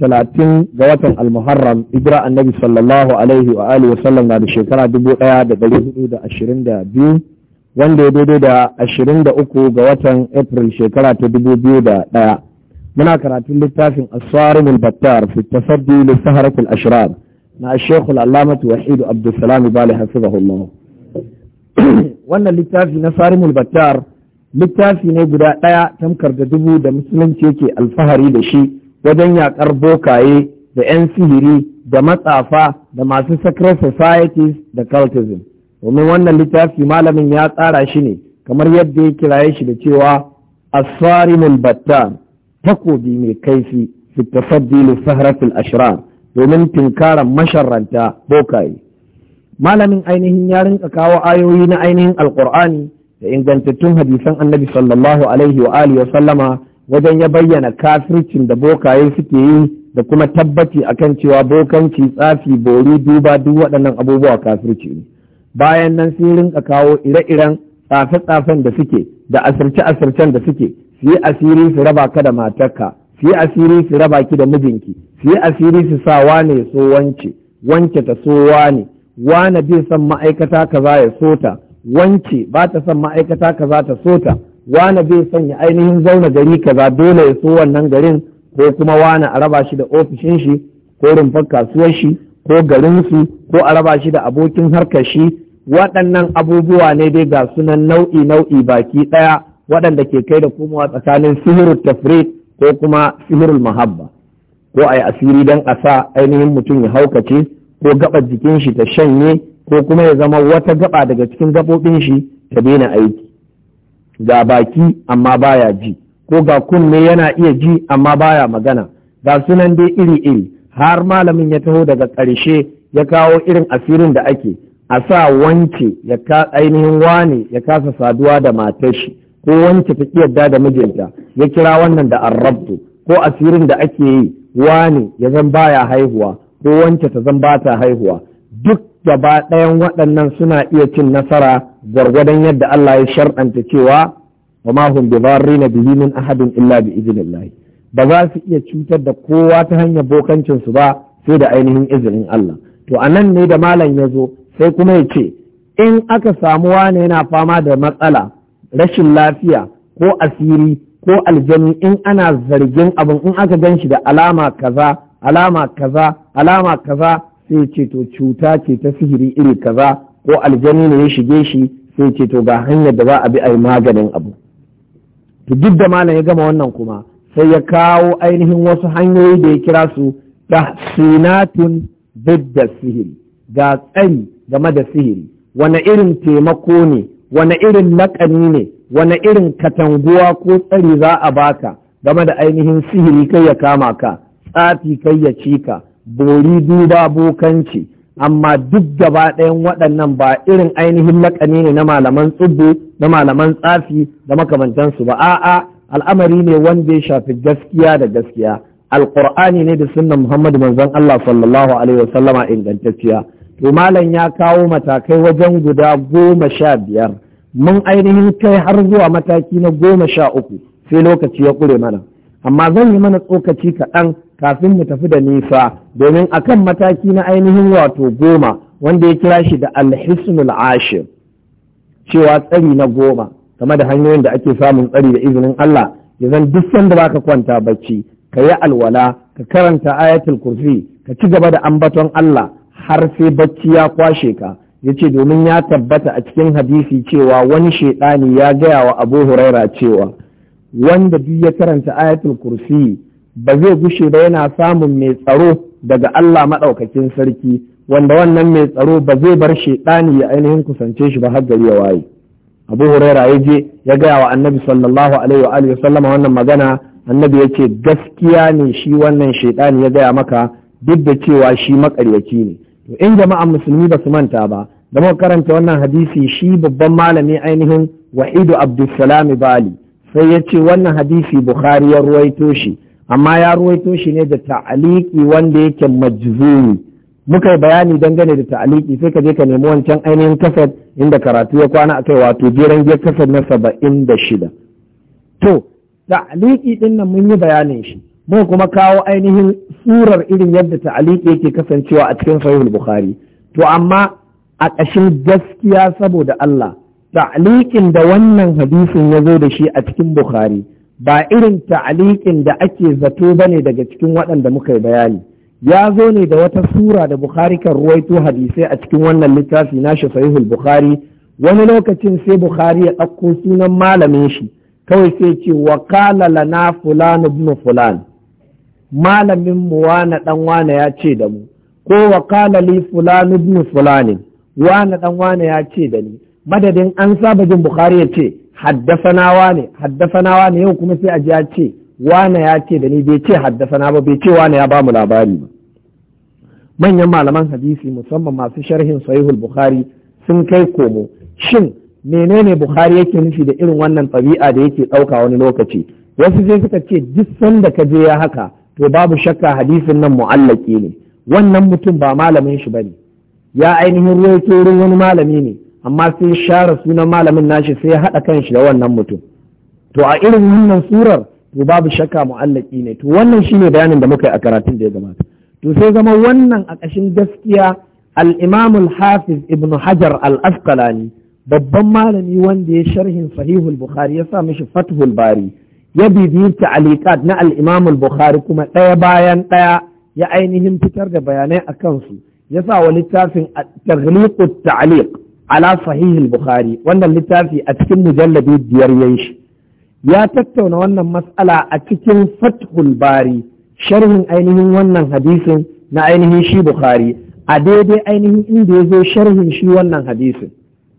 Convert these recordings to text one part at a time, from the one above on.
talatin ga watan almuharram hijira annabi sallallahu alaihi wa alihi wasallam na da shekara dubu daya da dari hudu da ashirin da biyu wanda ya daidai da ashirin da uku ga watan april shekara ta dubu biyu da daya muna karatun littafin asarin battar fi tasaddi li saharatul ashrar na shekul alamatu wahidu abdulsalam bali hafizahullah wannan littafi na sarimul battar littafi ne guda ɗaya tamkar da dubu da musulunci yake alfahari da shi wajen yaƙar bokaye da 'yan sihiri da matsafa da masu sacred societies da cultism domin wannan littafi malamin ya tsara shi ne kamar yadda ya kiraye shi da cewa asarimul battan takobi mai kaifi fi tafaddilu sahratul domin tinkarar masharranta bokaye malamin ainihin ya rinka kawo ayoyi na ainihin alkur'ani da ingantattun hadisan annabi sallallahu alaihi wa alihi wa sallama wajen ya bayyana kafircin da bokaye suke yi da kuma tabbaci a kan cewa bokanci tsafi bori duba duk waɗannan abubuwa kafirci ne bayan nan sun rinka kawo ire-iren tsafe-tsafen da suke da asirce-asircen da suke su yi asiri su raba ka da matarka su yi asiri su raba ki da mijinki su yi asiri su sa wane so wance wance ta so wane wane bai son ma'aikata kaza ya sota wance ba ta son ma'aikata kaza ta sota wane zai sanya ainihin zauna gari kaza dole ya so wannan garin ko kuma wane a raba shi da ofishin shi ko rumfar kasuwar shi ko garin su, ko a raba shi da abokin harkar shi waɗannan abubuwa ne dai ga sunan nau'i nau'i baki ɗaya waɗanda ke kai da komawa tsakanin sihirul tafriq ko kuma sihirul mahabba ko a yi asiri don a sa ainihin mutum ya haukace ko gaɓa jikin shi ta shanye ko kuma ya zama wata gaba daga cikin gabobin shi ta daina aiki ga baki amma baya ji ko ga kunne yana iya ji amma baya magana ga sunan dai iri-iri har malamin ya taho daga ƙarshe ya kawo irin asirin da ake a sa wance ya ka ainihin wane ya kasa saduwa da matashi, ko wance ta yadda da mijinta ya kira wannan da arrabtu ko asirin da ake yi wane ya zan baya haihuwa ko wance ta zan bata haihuwa duk gaba ɗayan waɗannan suna iya cin nasara gwargwadon yadda Allah ya shar'anta cewa wa ma hum bidarrina bihi min ahadin illa bi idnillah ba za su iya cutar da kowa ta hanyar bokancin su ba sai da ainihin izinin Allah to anan ne da malam ya zo sai kuma ya ce in aka samu wane yana fama da matsala rashin lafiya ko asiri ko aljani in ana zargin abin in aka gan shi da alama kaza alama kaza alama kaza sai ce to cuta ce ta sihiri iri kaza ko aljani ne ya shige shi sai ce to ga hanyar da za a bi a yi maganin abu to duk da malam ya gama wannan kuma sai ya kawo ainihin wasu hanyoyi da ya kira su tahsinatun bidda sihiri ga tsari game da sihiri wane irin taimako ne wane irin laƙani ne wane irin katanguwa ko tsari za a baka game da ainihin sihiri kai ya kama ka tsafi kai ya cika bori duba bokanci amma duk gaba ɗayan waɗannan ba irin ainihin laƙani ne na malaman tsubbu na malaman tsafi da makamantansu ba a'a al'amari ne wanda ya shafi gaskiya da gaskiya alƙur'ani ne da sunnan muhammadu manzon allah sallallahu alaihi wasallama ingantacciya to malam ya kawo matakai wajen guda goma sha biyar mun ainihin kai har zuwa mataki na goma sha uku sai lokaci ya ƙure mana amma zan yi mana tsokaci kaɗan kafin mu tafi da nisa domin a kan mataki na ainihin wato goma wanda ya kira shi da alhisnul ashir cewa tsari na goma game da hanyoyin da ake samun tsari da izinin Allah ya zan duk sanda ka kwanta bacci ka yi alwala ka karanta ayatul kursi ka ci gaba da ambaton Allah har sai bacci ya kwashe ka ya ce domin ya tabbata a cikin hadisi cewa wani shaidani ya gaya wa abu huraira cewa wanda duk ya karanta ayatul kursi ba zai gushe ba yana samun mai tsaro daga Allah maɗaukakin sarki wanda wannan mai tsaro ba zai bar shaiɗani ya ainihin kusance shi ba har gari ya waye abu huraira ya je ya gaya wa annabi sallallahu alaihi wa alihi sallama wannan magana annabi ya ce gaskiya ne shi wannan shaiɗani ya gaya maka duk da cewa shi makaryaci ne to in jama'an musulmi ba su manta ba da muka karanta wannan hadisi shi babban malami ainihin wahidu abdulsalam bali sai ya ce wannan hadisi bukhari ya ruwaito shi amma ya ruwaito shi ne da ta'aliki wanda yake majzumi muka yi bayani dangane da ta'aliki sai ka je ka nemi wancan ainihin kasar inda karatu ya kwana a kai wato jeren giyar kasar na saba'in da shida to ta'aliki din nan mun yi bayanin shi mun kuma kawo ainihin surar irin yadda ta'aliki yake kasancewa a cikin sahihul bukhari to amma a ƙashin gaskiya saboda Allah ta'liqin da wannan hadisin ya zo da shi a cikin bukhari ba irin ta'liqin da ake zato bane daga cikin waɗanda muka yi bayani ya zo ne da wata sura da bukhari kan ruwaito hadisai a cikin wannan littafi nashi sahihul bukhari wani lokacin sai bukhari ya ɗauko sunan malamin shi kawai sai ce wa kala lana fulan ibn fulan malamin mu wani dan wani ya ce da mu ko wa kala li fulan ibn fulan wani dan wani ya ce da ni madadin an saba jin bukhari ya ce haddasanawa ne haddasanawa ne yau kuma sai a ji ya ce wane ya ce da ni bai ce haddafana ba bai ce wane ya ba mu labari ba manyan malaman hadisi musamman masu sharhin sahihul bukhari sun kai komo shin menene bukhari yake nufi da irin wannan ɗabi'a da yake ɗauka wani lokaci wasu sai suka ce duk sanda ka je ya haka to babu shakka hadisin nan mu'allaki ne wannan mutum ba malamin shi bane ya ainihin ruwaito wani malami ne amma sai share sunan malamin nashi sai ya haɗa kanshi da wannan mutum to a irin wannan surar to babu shakka mu'allaki ne to wannan shine bayanin da muka yi a karatun da ya gabata to sai zama wannan a ƙashin gaskiya al-imam al-hafiz ibn hajar al-asqalani babban malami wanda ya sharhin sahihul bukhari ya sa mishi fathul bari ya bibiyi ta'aliqat na al-imam al-bukhari kuma ɗaya bayan ɗaya ya ainihin fitar da bayanai akan su ya sa wa littafin at-taghliq at-ta'liq ala sahihin bukhari wannan littafi a cikin mujalladi biyar yayin shi ya tattauna wannan matsala a cikin fathul bari sharhin ainihin wannan hadisin na ainihin shi bukhari a daidai ainihin inda ya zo sharhin shi wannan hadisin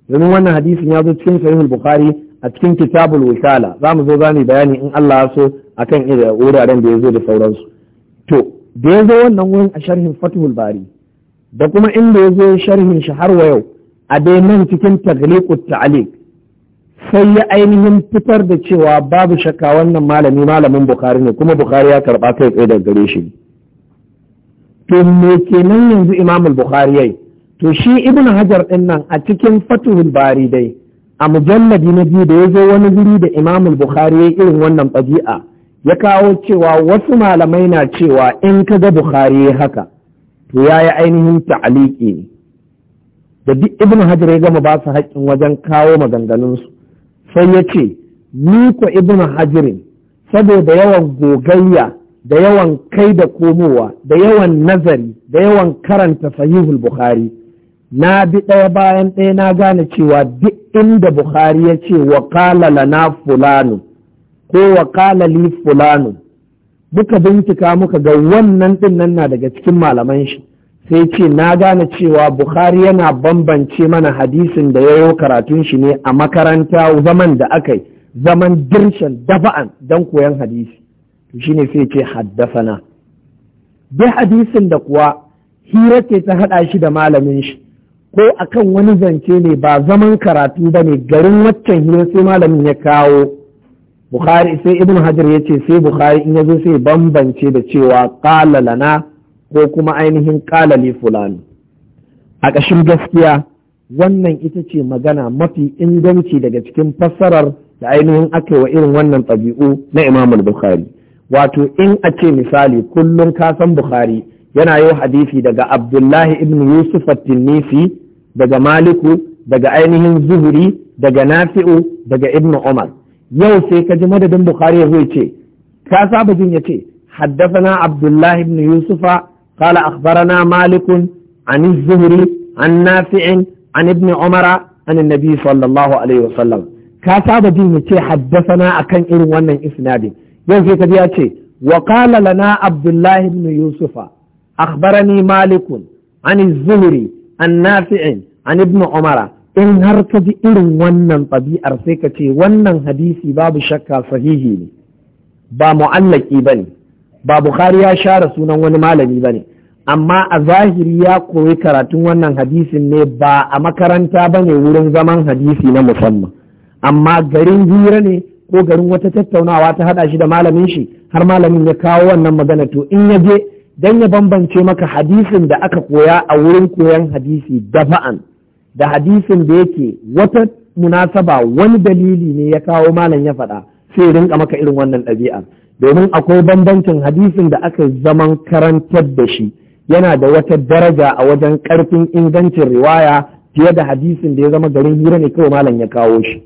domin wannan hadisin ya zo cikin sahihul bukhari a cikin kitabul wisala za mu zo zamu bayani in Allah ya so akan irin wuraren da ya zo da sauransu to da ya zo wannan wurin a sharhin fathul bari da kuma inda ya zo sharhin shi har wa yau a dai nan cikin tagliqut ta'liq sai ya ainihin fitar da cewa babu shakka wannan malami malamin bukhari ne kuma bukhari ya karɓa kai tsaye daga gare shi to me kenan yanzu Imamul bukhari yayi to shi ibn hajar din nan a cikin fatuhul bari dai a mujalladi na biyu da ya zo wani guri da Imamul bukhari yayi irin wannan fadi'a ya kawo cewa wasu malamai na cewa in ka ga bukhari haka to ya yi ainihin ta'aliki ne da duk Ibn hajar ya gama ba su haƙƙin wajen kawo maganganunsu sai ya ce ni ko ibnu hajar saboda yawan gogayya da yawan kai da komowa da yawan nazari da yawan karanta sahihul bukhari na bi ɗaya bayan ɗaya na gane cewa duk inda bukhari ya ce wa kala lana fulanu ko wa kala li fulanu muka bincika muka ga wannan ɗin nan na daga cikin malaman shi sai ce na gane cewa bukhari yana bambance mana hadisin da ya yi karatun shi ne a makaranta zaman da aka yi zaman dirshan dafa'an don koyan hadisi to shine sai ce haddasana bi hadisin da kuwa hira ce ta haɗa shi da malamin shi ko akan wani zance ne ba zaman karatu ba ne garin waccan hira sai malamin ya kawo bukhari sai ibn hajar ya ce sai bukhari in ya zo sai bambance da cewa ƙalala lana ko kuma ainihin kalali fulani a ƙashin gaskiya wannan ita ce magana mafi inganci daga cikin fassarar da ainihin aka wa irin wannan ɗabi'u na imamul bukhari wato in a ce misali kullum kasan bukhari yana yi hadisi daga abdullahi ibn yusuf at-tinnisi daga maliku daga ainihin zuhuri daga nafi'u daga ibn umar yau sai ka ji madadin bukhari ya ce ka saba jin ya ce حدثنا عبد الله بن يوسف قال أخبرنا مالك عن الزهري عن نافع عن ابن عمر عن النبي صلى الله عليه وسلم كاتب دين حدثنا أكن إن ونن إسنادي يوزي كبيرتي وقال لنا عبد الله بن يوسف أخبرني مالك عن الزهري عن نافع عن ابن عمر in har ka ji irin wannan ɗabi'ar sai ka ce wannan hadisi babu shakka sahihi ne ba mu'allaki ba ne ba bukhari ya share sunan wani malami ba ne amma a zahiri ya koyi karatun wannan hadisin ne ba a makaranta ba ne wurin zaman hadisi na musamman amma garin hira ne ko garin wata tattaunawa ta haɗa shi da malamin shi har malamin ya kawo wannan magana to in ya je dan ya bambance maka hadisin da aka koya a wurin koyan hadisi dafa'an da hadisin da yake wata munasaba wani dalili ne ya kawo malam ya faɗa sai rinka maka irin wannan ɗabi'a domin akwai bambancin hadisin da aka zaman karantar da shi yana da wata daraja a wajen ƙarfin ingancin riwaya fiye da hadisin da ya zama garin hira ne kawai malam ya kawo shi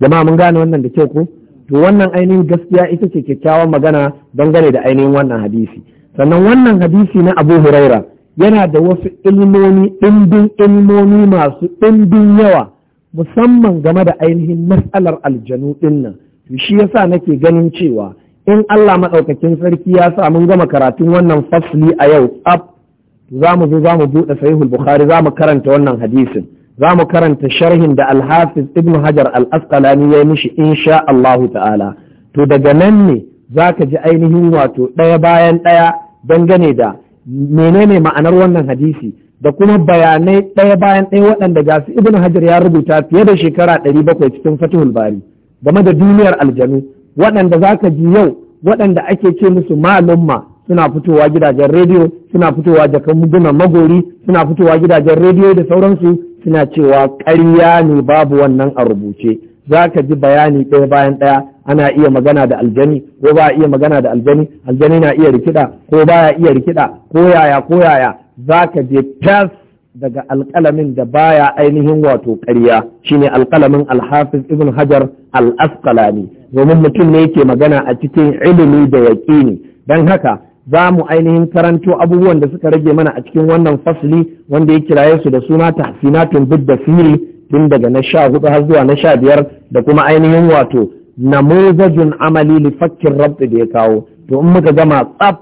jama'a mun gane wannan da kyau ko to wannan ainihin gaskiya ita ce kyakkyawan magana dangane da ainihin wannan hadisi sannan wannan hadisi na abu huraira yana da wasu ilmomi ɗimbin ilmomi masu ɗimbin yawa musamman game da ainihin matsalar aljanu ɗin nan to shi yasa nake ganin cewa in Allah maɗaukakin sarki ya sa mun gama karatun wannan fasli a yau tsaf za mu zo za mu buɗe sahihul bukhari za mu karanta wannan hadisin za mu karanta sharhin da alhafiz ibn hajar al-asqalani ya mishi insha Allah ta'ala to daga nan ne za ka ji ainihin wato ɗaya bayan ɗaya dangane da menene ma'anar wannan hadisi da kuma bayanai ɗaya bayan ɗaya waɗanda ga su ibn hajar ya rubuta fiye da shekara ɗari bakwai cikin fatihul bari game da duniyar aljanu waɗanda za ka ji yau waɗanda ake ce musu malumma suna fitowa gidajen rediyo suna fitowa jakan muguna magori suna fitowa gidajen rediyo da sauransu suna cewa ƙarya ne babu wannan a rubuce za ka ji bayani ɗaya bayan ɗaya ana iya magana da aljani ko ba iya magana da aljani aljani na iya rikida ko baya iya rikida ko yaya ko yaya za ka je tas daga alƙalamin da baya ainihin wato ƙarya shine alƙalamin alhafiz ibn hajar al-asqalani domin mutum ne yake magana a cikin ilimi da yaƙini don haka za mu ainihin karanto abubuwan da suka rage mana a cikin wannan fasli wanda ya kiraye su da suna tahsinatun bid da fili tun daga na sha hudu har zuwa na sha biyar da kuma ainihin wato namuzajun amali li fakkin da ya kawo to in muka gama tsaf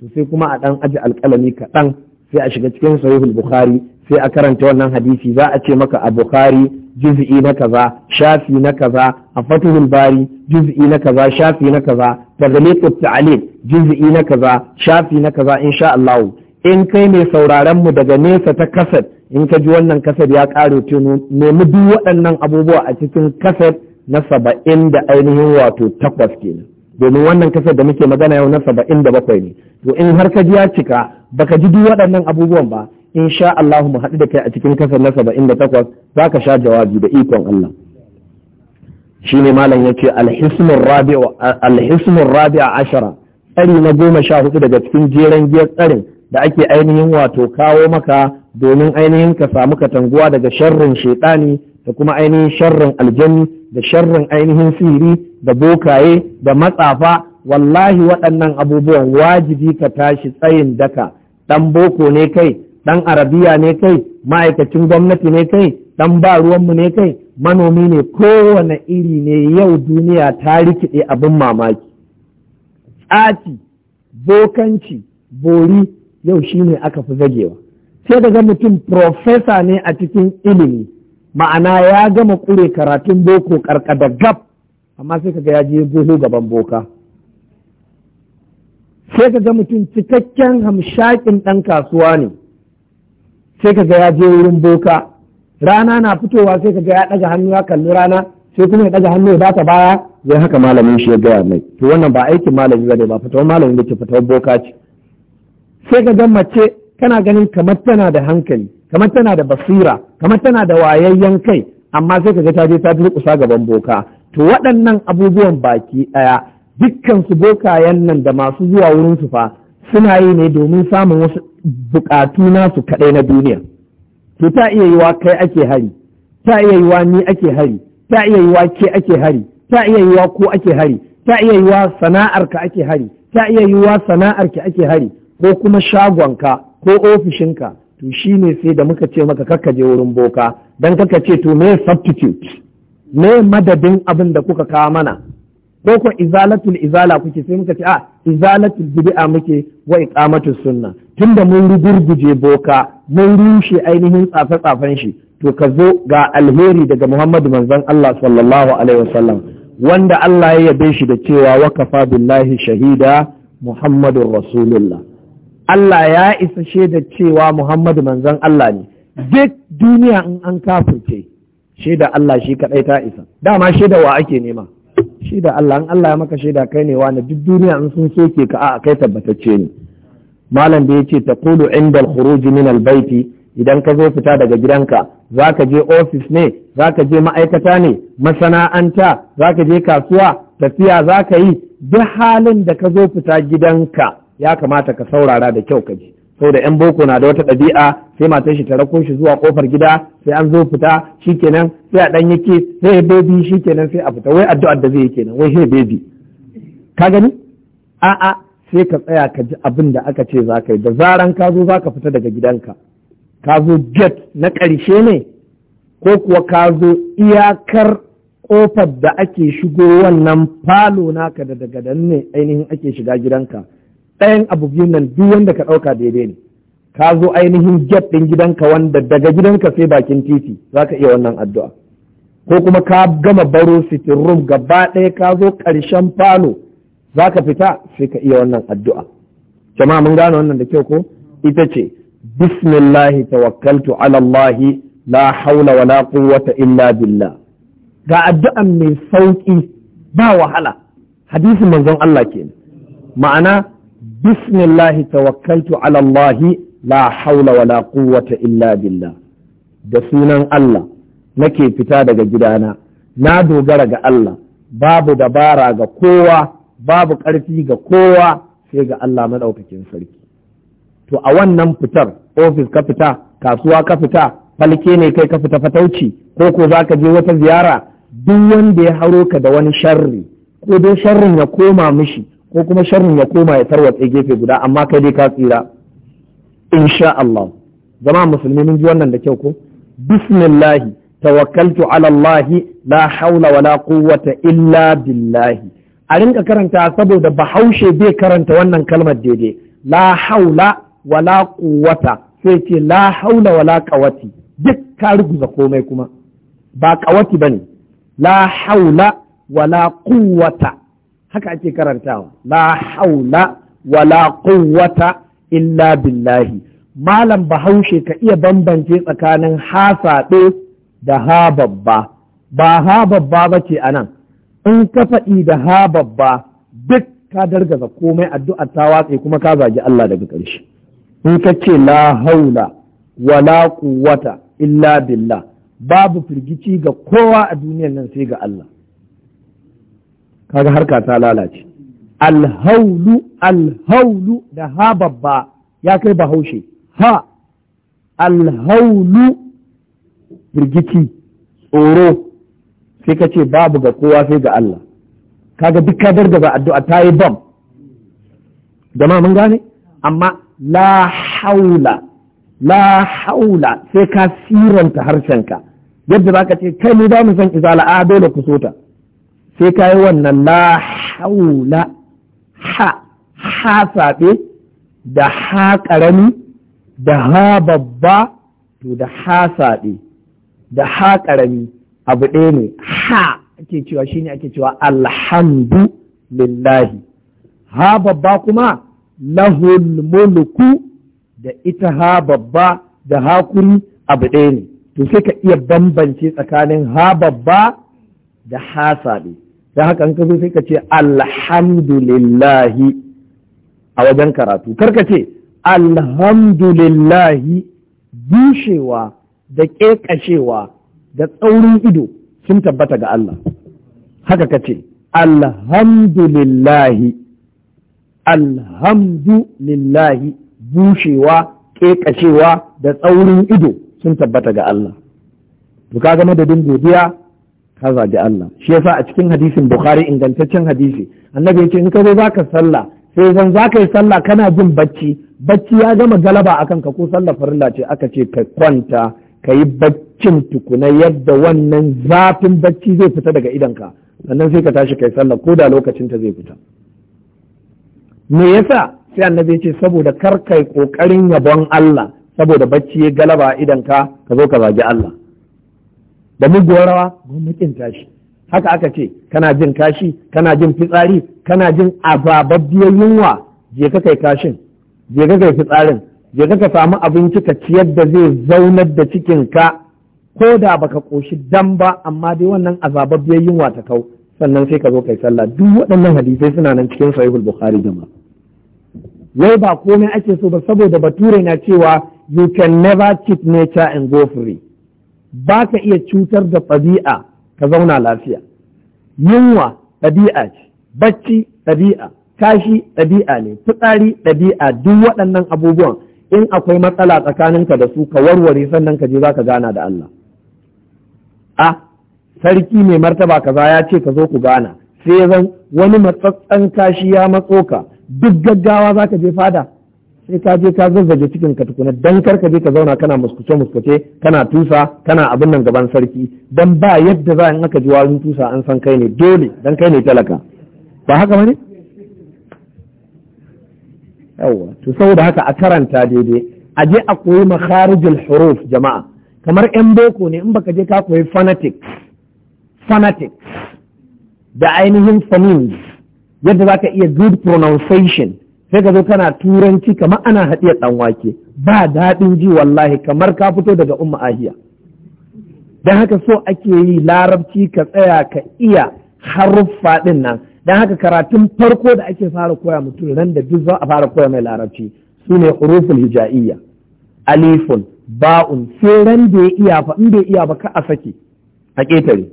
to sai kuma a dan aji alƙalami kaɗan sai a shiga cikin sahihul bukhari sai a karanta wannan hadisi za a ce maka a bukhari juz'i na kaza shafi na kaza a fatuhul bari juz'i na kaza shafi na kaza daga liqut ta'lim juz'i na kaza shafi na kaza insha Allah in kai mai sauraron mu daga nesa ta kasad in ka ji wannan kasar ya kare tuno nemi duk waɗannan abubuwa a cikin kasa na saba'in da ainihin wato takwas kenan domin wannan kasar da muke magana yau na saba'in da bakwai ne to in har ka ji ya cika baka ji duk waɗannan abubuwan ba in Allah mu haɗu da kai a cikin kasar na saba'in da takwas za ka sha jawabi da ikon Allah. shine malam yace al rabi'u rabi'a ashara tsari na goma sha hudu daga cikin jeren giyar tsarin da ake ainihin wato kawo maka domin ainihin ka samu katanguwa daga sharrin shaitani da kuma ainihin sharrin aljanni da sharrin ainihin sihiri da bokaye da matsafa wallahi waɗannan abubuwan wajibi ka tashi tsayin daka ɗan boko ne kai ɗan arabiya ne kai ma'aikacin gwamnati ne kai ɗan ba ruwanmu ne kai manomi ne kowane iri ne yau duniya ta rikide abin mamaki tsaci bokanci bori yau shi ne aka fi zagewa sai daga mutum profesa ne a cikin ilimi ma'ana ya gama ƙure karatun boko karkada gab amma sai kaga ya je goho gaban boka sai kaga mutum cikakken hamshakin ɗan kasuwa ne sai kaga ya je wurin boka rana na fitowa sai ka ga ya ɗaga hannu ya kalli rana sai kuma ya ɗaga hannu ya bata baya ya haka malamin shi ya gaya mai to wannan ba aikin malami bane ba fitowar malamin da ke fitowar boka ce sai ka ga mace kana ganin kamar tana da hankali kamar tana da basira kamar tana da wayayyen kai amma sai ka ga ta je ta durƙusa gaban boka to waɗannan abubuwan baki ɗaya dukkan su bokayen nan da masu zuwa wurin su fa suna yi ne domin samun wasu buƙatu nasu kaɗai na duniya. to ta iya yiwa kai ake hari ta iya yiwa ni ake hari ta iya yiwa ke ake hari ta iya yiwa ko ake hari ta iya yiwa sana'ar ka ake hari ta iya yiwa sana'ar ki ake hari ko kuma shagonka ko ofishinka to shine sai da muka ce maka kakka je wurin boka dan kaka ce to me substitute me madadin abin da kuka kawo mana ko ko izalatul izala kuke sai muka ce a ah, izalatul bid'a muke wa iqamatus sunna tunda mun rugurguje boka mun rushe ainihin tsafe-tsafen shi to ka zo ga alheri daga Muhammadu manzon Allah sallallahu alaihi wasallam wanda Allah ya yabe shi da cewa wakafa billahi shahida Muhammadun Rasulullah Allah ya isa shaida cewa Muhammadu manzon Allah ne duk duniya in an kafirce shaida Allah shi kadai ta isa dama shaida wa ake nema shaida Allah in Allah ya maka shaida kai ne na duk duniya in sun soke ka a kai tabbatacce ne malam da ya ce ta kulu inda al min albaiti, idan ka zo fita daga gidanka zaka je ofis ne zaka je ma'aikata ne masana'anta zaka je kasuwa tafiya zaka yi duk halin da ka zo fita gidanka ya kamata ka saurara da kyau ka ji saboda yan boko na da wata ɗabi'a sai matar shi ta rako shi zuwa kofar gida sai an zo fita shikenan sai a dan yake sai ya shi shikenan sai a fita wai addu'ar da zai yi kenan wai hey bebi, ka gani a'a sai ka tsaya ka ji abin da aka ce za ka yi da zaran ka zo za ka fita daga gidanka ka zo get na ƙarshe ne ko kuwa ka zo iyakar ƙofar da ake shigo wannan falo naka da daga nan ne ainihin ake shiga gidanka ɗayan abu biyun nan duk wanda ka ɗauka daidai ne ka zo ainihin get ɗin gidanka wanda daga gidanka sai bakin titi za ka iya wannan addu'a ko kuma ka gama baro sitin room gaba ɗaya ka zo ƙarshen falo za ka fita sai ka iya wannan addu'a jama'a mun gane wannan da kyau ko ita ce bismillahi tawakkaltu ala allahi la haula wala quwwata illa billah ga addu'an mai sauki ba wahala hadisin manzon Allah ke. ma'ana bismillahi tawakkaltu alallahi allahi la haula wala quwwata illa billah da sunan Allah nake fita daga gidana na dogara ga Allah babu dabara ga kowa babu ƙarfi ga kowa sai ga Allah maɗaukakin sarki to a wannan fitar ofis ka fita kasuwa ka fita falke ne kai ka fita fatauci ko ko za ka je wata ziyara duk wanda ya haro ka da wani sharri ko dai sharrin ya koma mishi ko kuma sharrin ya koma ya tarwatse gefe guda amma kai dai ka tsira insha Allah zama musulmi mun ji wannan da kyau ko Bismillahi tawakkaltu ala la wa wala quwwata illa billahi a rinka karanta saboda bahaushe bai karanta wannan kalmar daidai la haula wala quwwata sai ce la haula wala qawati duk ka ruguza komai kuma ba qawati bane la haula wala quwwata haka ake karantawa la haula wala quwwata illa billahi malam bahaushe ka iya bambance tsakanin hasaɗe da ha babba ba ha babba ba ce a in ka faɗi da ha babba duk ka dargaza komai addu'a ta watse kuma ka zagi Allah daga ƙarshe in ka ce la haula wala quwwata illa billah babu firgici ga kowa a duniyar nan sai ga Allah kaga harka ta lalace alhaulu alhaulu da ha babba ya kai bahaushe ha alhaulu firgici tsoro sai ka ce babu ga kowa sai ga Allah kaga duk ka ba addu'a ta yi bam jama'a mun gane amma la haula la haula sai ka siranta harshenka yadda za ka ce kai mu ba mu san izala a dole ku sota sai ka yi wannan la haula ha ha saɓe da ha ƙarami da ha babba to da ha saɓe da ha ƙarami abu ɗaya ne ha ake cewa shi ne ake cewa alhamdu lillahi ha babba kuma lahul mulku da ita ha babba da hakuri abu ɗaya ne to sai ka iya bambance tsakanin ha babba da ha sabe don haka an kazo sai ka ce alhamdulillahi a wajen karatu karka ce alhamdulillahi bushewa da ƙeƙashewa da tsaurin ido sun tabbata ga Allah haka ka ce alhamdulillahi alhamdulillahi bushewa ƙeƙashewa da tsaurin ido sun tabbata ga Allah to ka gama da godiya ka zagi Allah shi yasa a cikin hadisin Bukhari ingantaccen hadisi annabi ce in ka zo zaka sallah sai zan zaka yi sallah kana jin bacci bacci ya gama galaba akan ka ko sallah farilla ce aka ce ka kwanta ka yi baccin tukuna yadda wannan zafin bacci zai fita daga idanka sannan sai ka tashi kai sallah ko da lokacin ta zai fita me yasa sai annabi ya ce saboda kar kai kokarin yabon Allah saboda bacci ya galaba idan ka ka zo ka zagi Allah da muguwar rawa gwamnatin tashi haka aka ce kana jin kashi kana jin fitsari kana jin abababbiyar yunwa je ka kai kashin je ka kai fitsarin je ka samu abinci ka ciyar da zai zaunar da cikin ka ko da baka koshi dan ba amma dai wannan azababbiyar yunwa ta kau sannan sai ka zo kai sallah duk waɗannan hadisai suna nan cikin sahihul bukhari jama'a wai ba komai ake so ba saboda bature na cewa you can never cheat nature and go free ba ka iya cutar da ɗabi'a ka zauna lafiya yunwa ɗabi'a ce bacci ɗabi'a kashi ɗabi'a ne fitsari ɗabi'a duk waɗannan abubuwan in akwai matsala tsakaninka da su ka warware sannan ka je za ka gana da Allah a sarki mai martaba kaza ya ce ka zo ku gana sai zan wani matsatsan kashi ya matso ka duk gaggawa za ka je fada sai ka je ka zazzage cikin ka tukuna dan kar ka je ka zauna kana muskuce muskuce kana tusa kana abin nan gaban sarki dan ba yadda za in aka ji warin tusa an san kai ne dole dan kai ne talaka ba haka bane yawa to saboda haka a karanta daidai a je a koyi makharijul huruf jama'a kamar yan boko ne in baka je ka koyi fanatics fanatics da ainihin phonemes yadda za ka iya good pronunciation sai ka zo kana turanci kamar ana haɗiya ɗan wake ba daɗin ji wallahi kamar ka fito daga umma ahiya don haka so ake yi larabci ka tsaya ka iya haruffa ɗin nan don haka karatun farko da ake fara koya mutum nan da duk za a fara koya mai larabci su ne huruful hija'iyya alifun ba'un sai ran da ya iya fa in bai iya ba ka a sake a ƙetare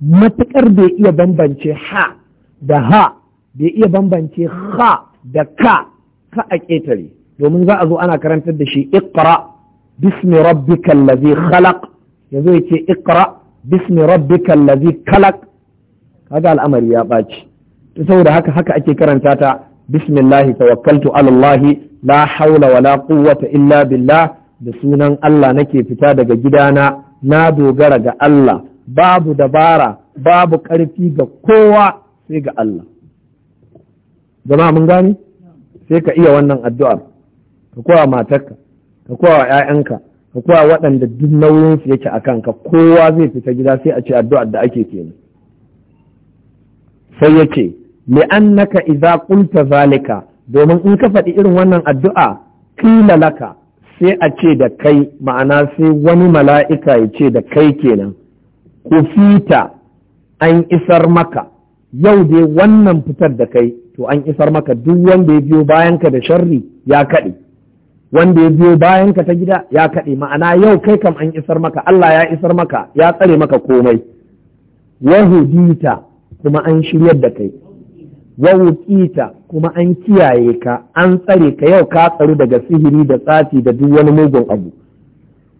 matuƙar bai iya bambance ha da ha bai iya bambance ha da ka ka a ƙetare domin za a zo ana karantar da shi iqra bismi rabbikal ladhi khalaq yanzu yace iqra bismi rabbikal ladhi khalaq kaga al'amari ya ɓaci saboda haka haka ake karanta ta bismillahi tawakkaltu ala Allah la haula wala quwwata illa billah da sunan Allah nake fita daga gidana na dogara ga Allah babu dabara babu karfi ga kowa sai ga Allah jama'a mun gane sai ka iya wannan addu'ar ka kowa matarka ka kowa ‘ya'yanka ka kowa waɗanda duk nauyinsu yake a kanka kowa zai fita gida sai a ce addu'ar da ake kenan sai ya ce annaka idza qulta zalika domin in ka faɗi irin wannan addu'a kila laka sai a ce da kai ma'ana sai wani mala'ika ya ce da kai kenan ku fita an isar maka yau dai wannan fitar da kai to an isar maka duk wanda ya biyo bayanka da sharri ya kaɗe wanda ya biyo bayanka ta gida ya kaɗe ma'ana yau kai kam an isar maka Allah ya isar maka ya tsare maka komai wahudita kuma an shiryar da kai wa kuma an kiyaye ka an tsare ka yau ka tsaru daga sihiri da tsafi da duk wani mugun abu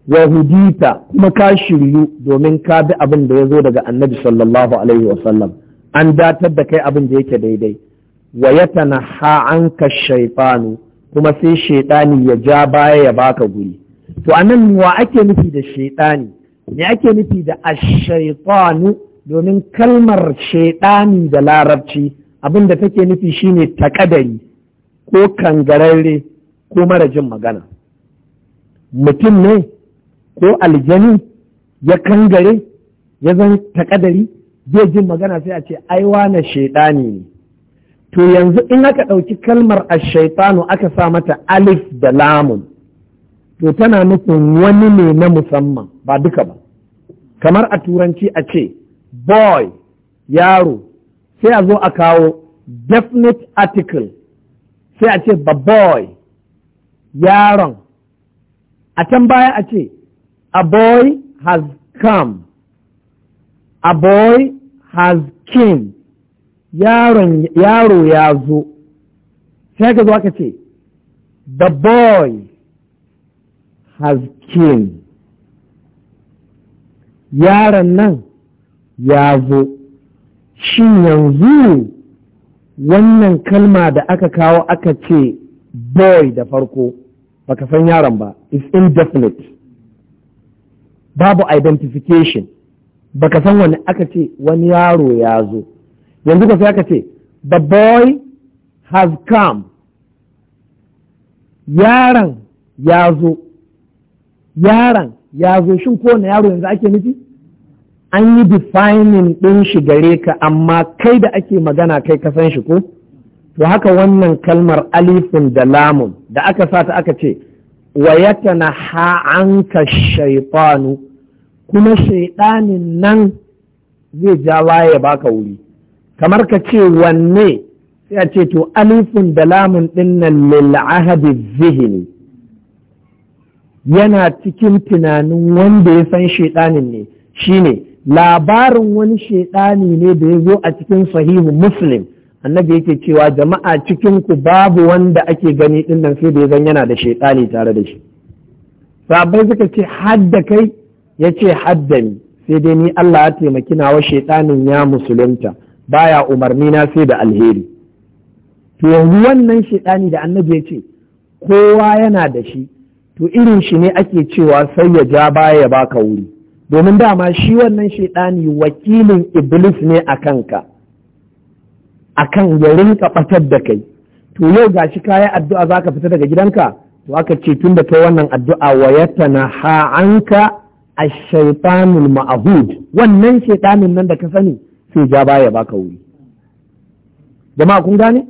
wa hudita kuma ka shiryu domin ka bi abin da ya zo daga annabi sallallahu alaihi wasallam an datar da kai abin da yake daidai wa an ka shaiɗanu? kuma sai shaiɗani ya ja baya ya baka guri to anan wa ake nufi da shaiɗani? me ake nufi da ash-shaytanu domin kalmar shaiɗani da larabci abin da take nufi shine takadari ko kangararre ko mara jin magana mutum ne ko aljani ya kangare ya zan takadari zai jin magana sai a ce aiwa na shaidani ne to yanzu in aka ɗauki kalmar a shaitanu aka sa mata alif da lamun to tana nufin wani ne na musamman ba duka ba kamar a turanci a ce boy yaro sai a zo a kawo definite article sai a ce ba boy yaron a can baya a ce a boy has come a boy has came yaro ya zo sai ka zo aka ce the boy has came yaron nan ya zo shin yanzu wannan kalma da aka kawo aka ce boy da farko baka san yaron ba is indefinite babu identification baka san wani aka ce wani yaro ya zo yanzu ka sai aka ce the boy has come yaron ya zo yaron ya zo shin kowane yaro yanzu ake nufi an yi defining ɗin shi gare ka amma kai da ake magana kai ka san shi ko to haka wannan kalmar alifin da lamun da aka sa ta aka ce wa yatana ha'anka shaytanu kuma shaiɗanin nan zai ja waye ya baka wuri kamar ka ce wanne sai a ce to alifin da lamun ɗin nan lil ahadi zihni yana cikin tunanin wanda ya san shaiɗanin ne shine labarin wani shaidani ne da ya zo a cikin sahihu muslim annabi yake cewa jama'a cikin ku babu wanda ake gani din nan sai da ya yana da shaidani tare da shi sabai suka ce hadda kai ya ce hadda ni sai dai ni Allah ya taimaki nawa shaidanin ya musulunta baya umarni na sai da alheri to yanzu wannan shaidani da annabi ya ce kowa yana da shi to irin shi ne ake cewa sai ya ja baya ya baka wuri domin dama shi wannan shaidani wakilin iblis ne a kanka akan ya rinka da kai to yau gashi kayan addu'a za ka fita daga gidanka to aka ce tun da kai wannan addu'a wa na ha'anka a shaitanin ma'ahud wannan shaytanin nan da ka sani sai ja baya baka wuri jama'a kun gane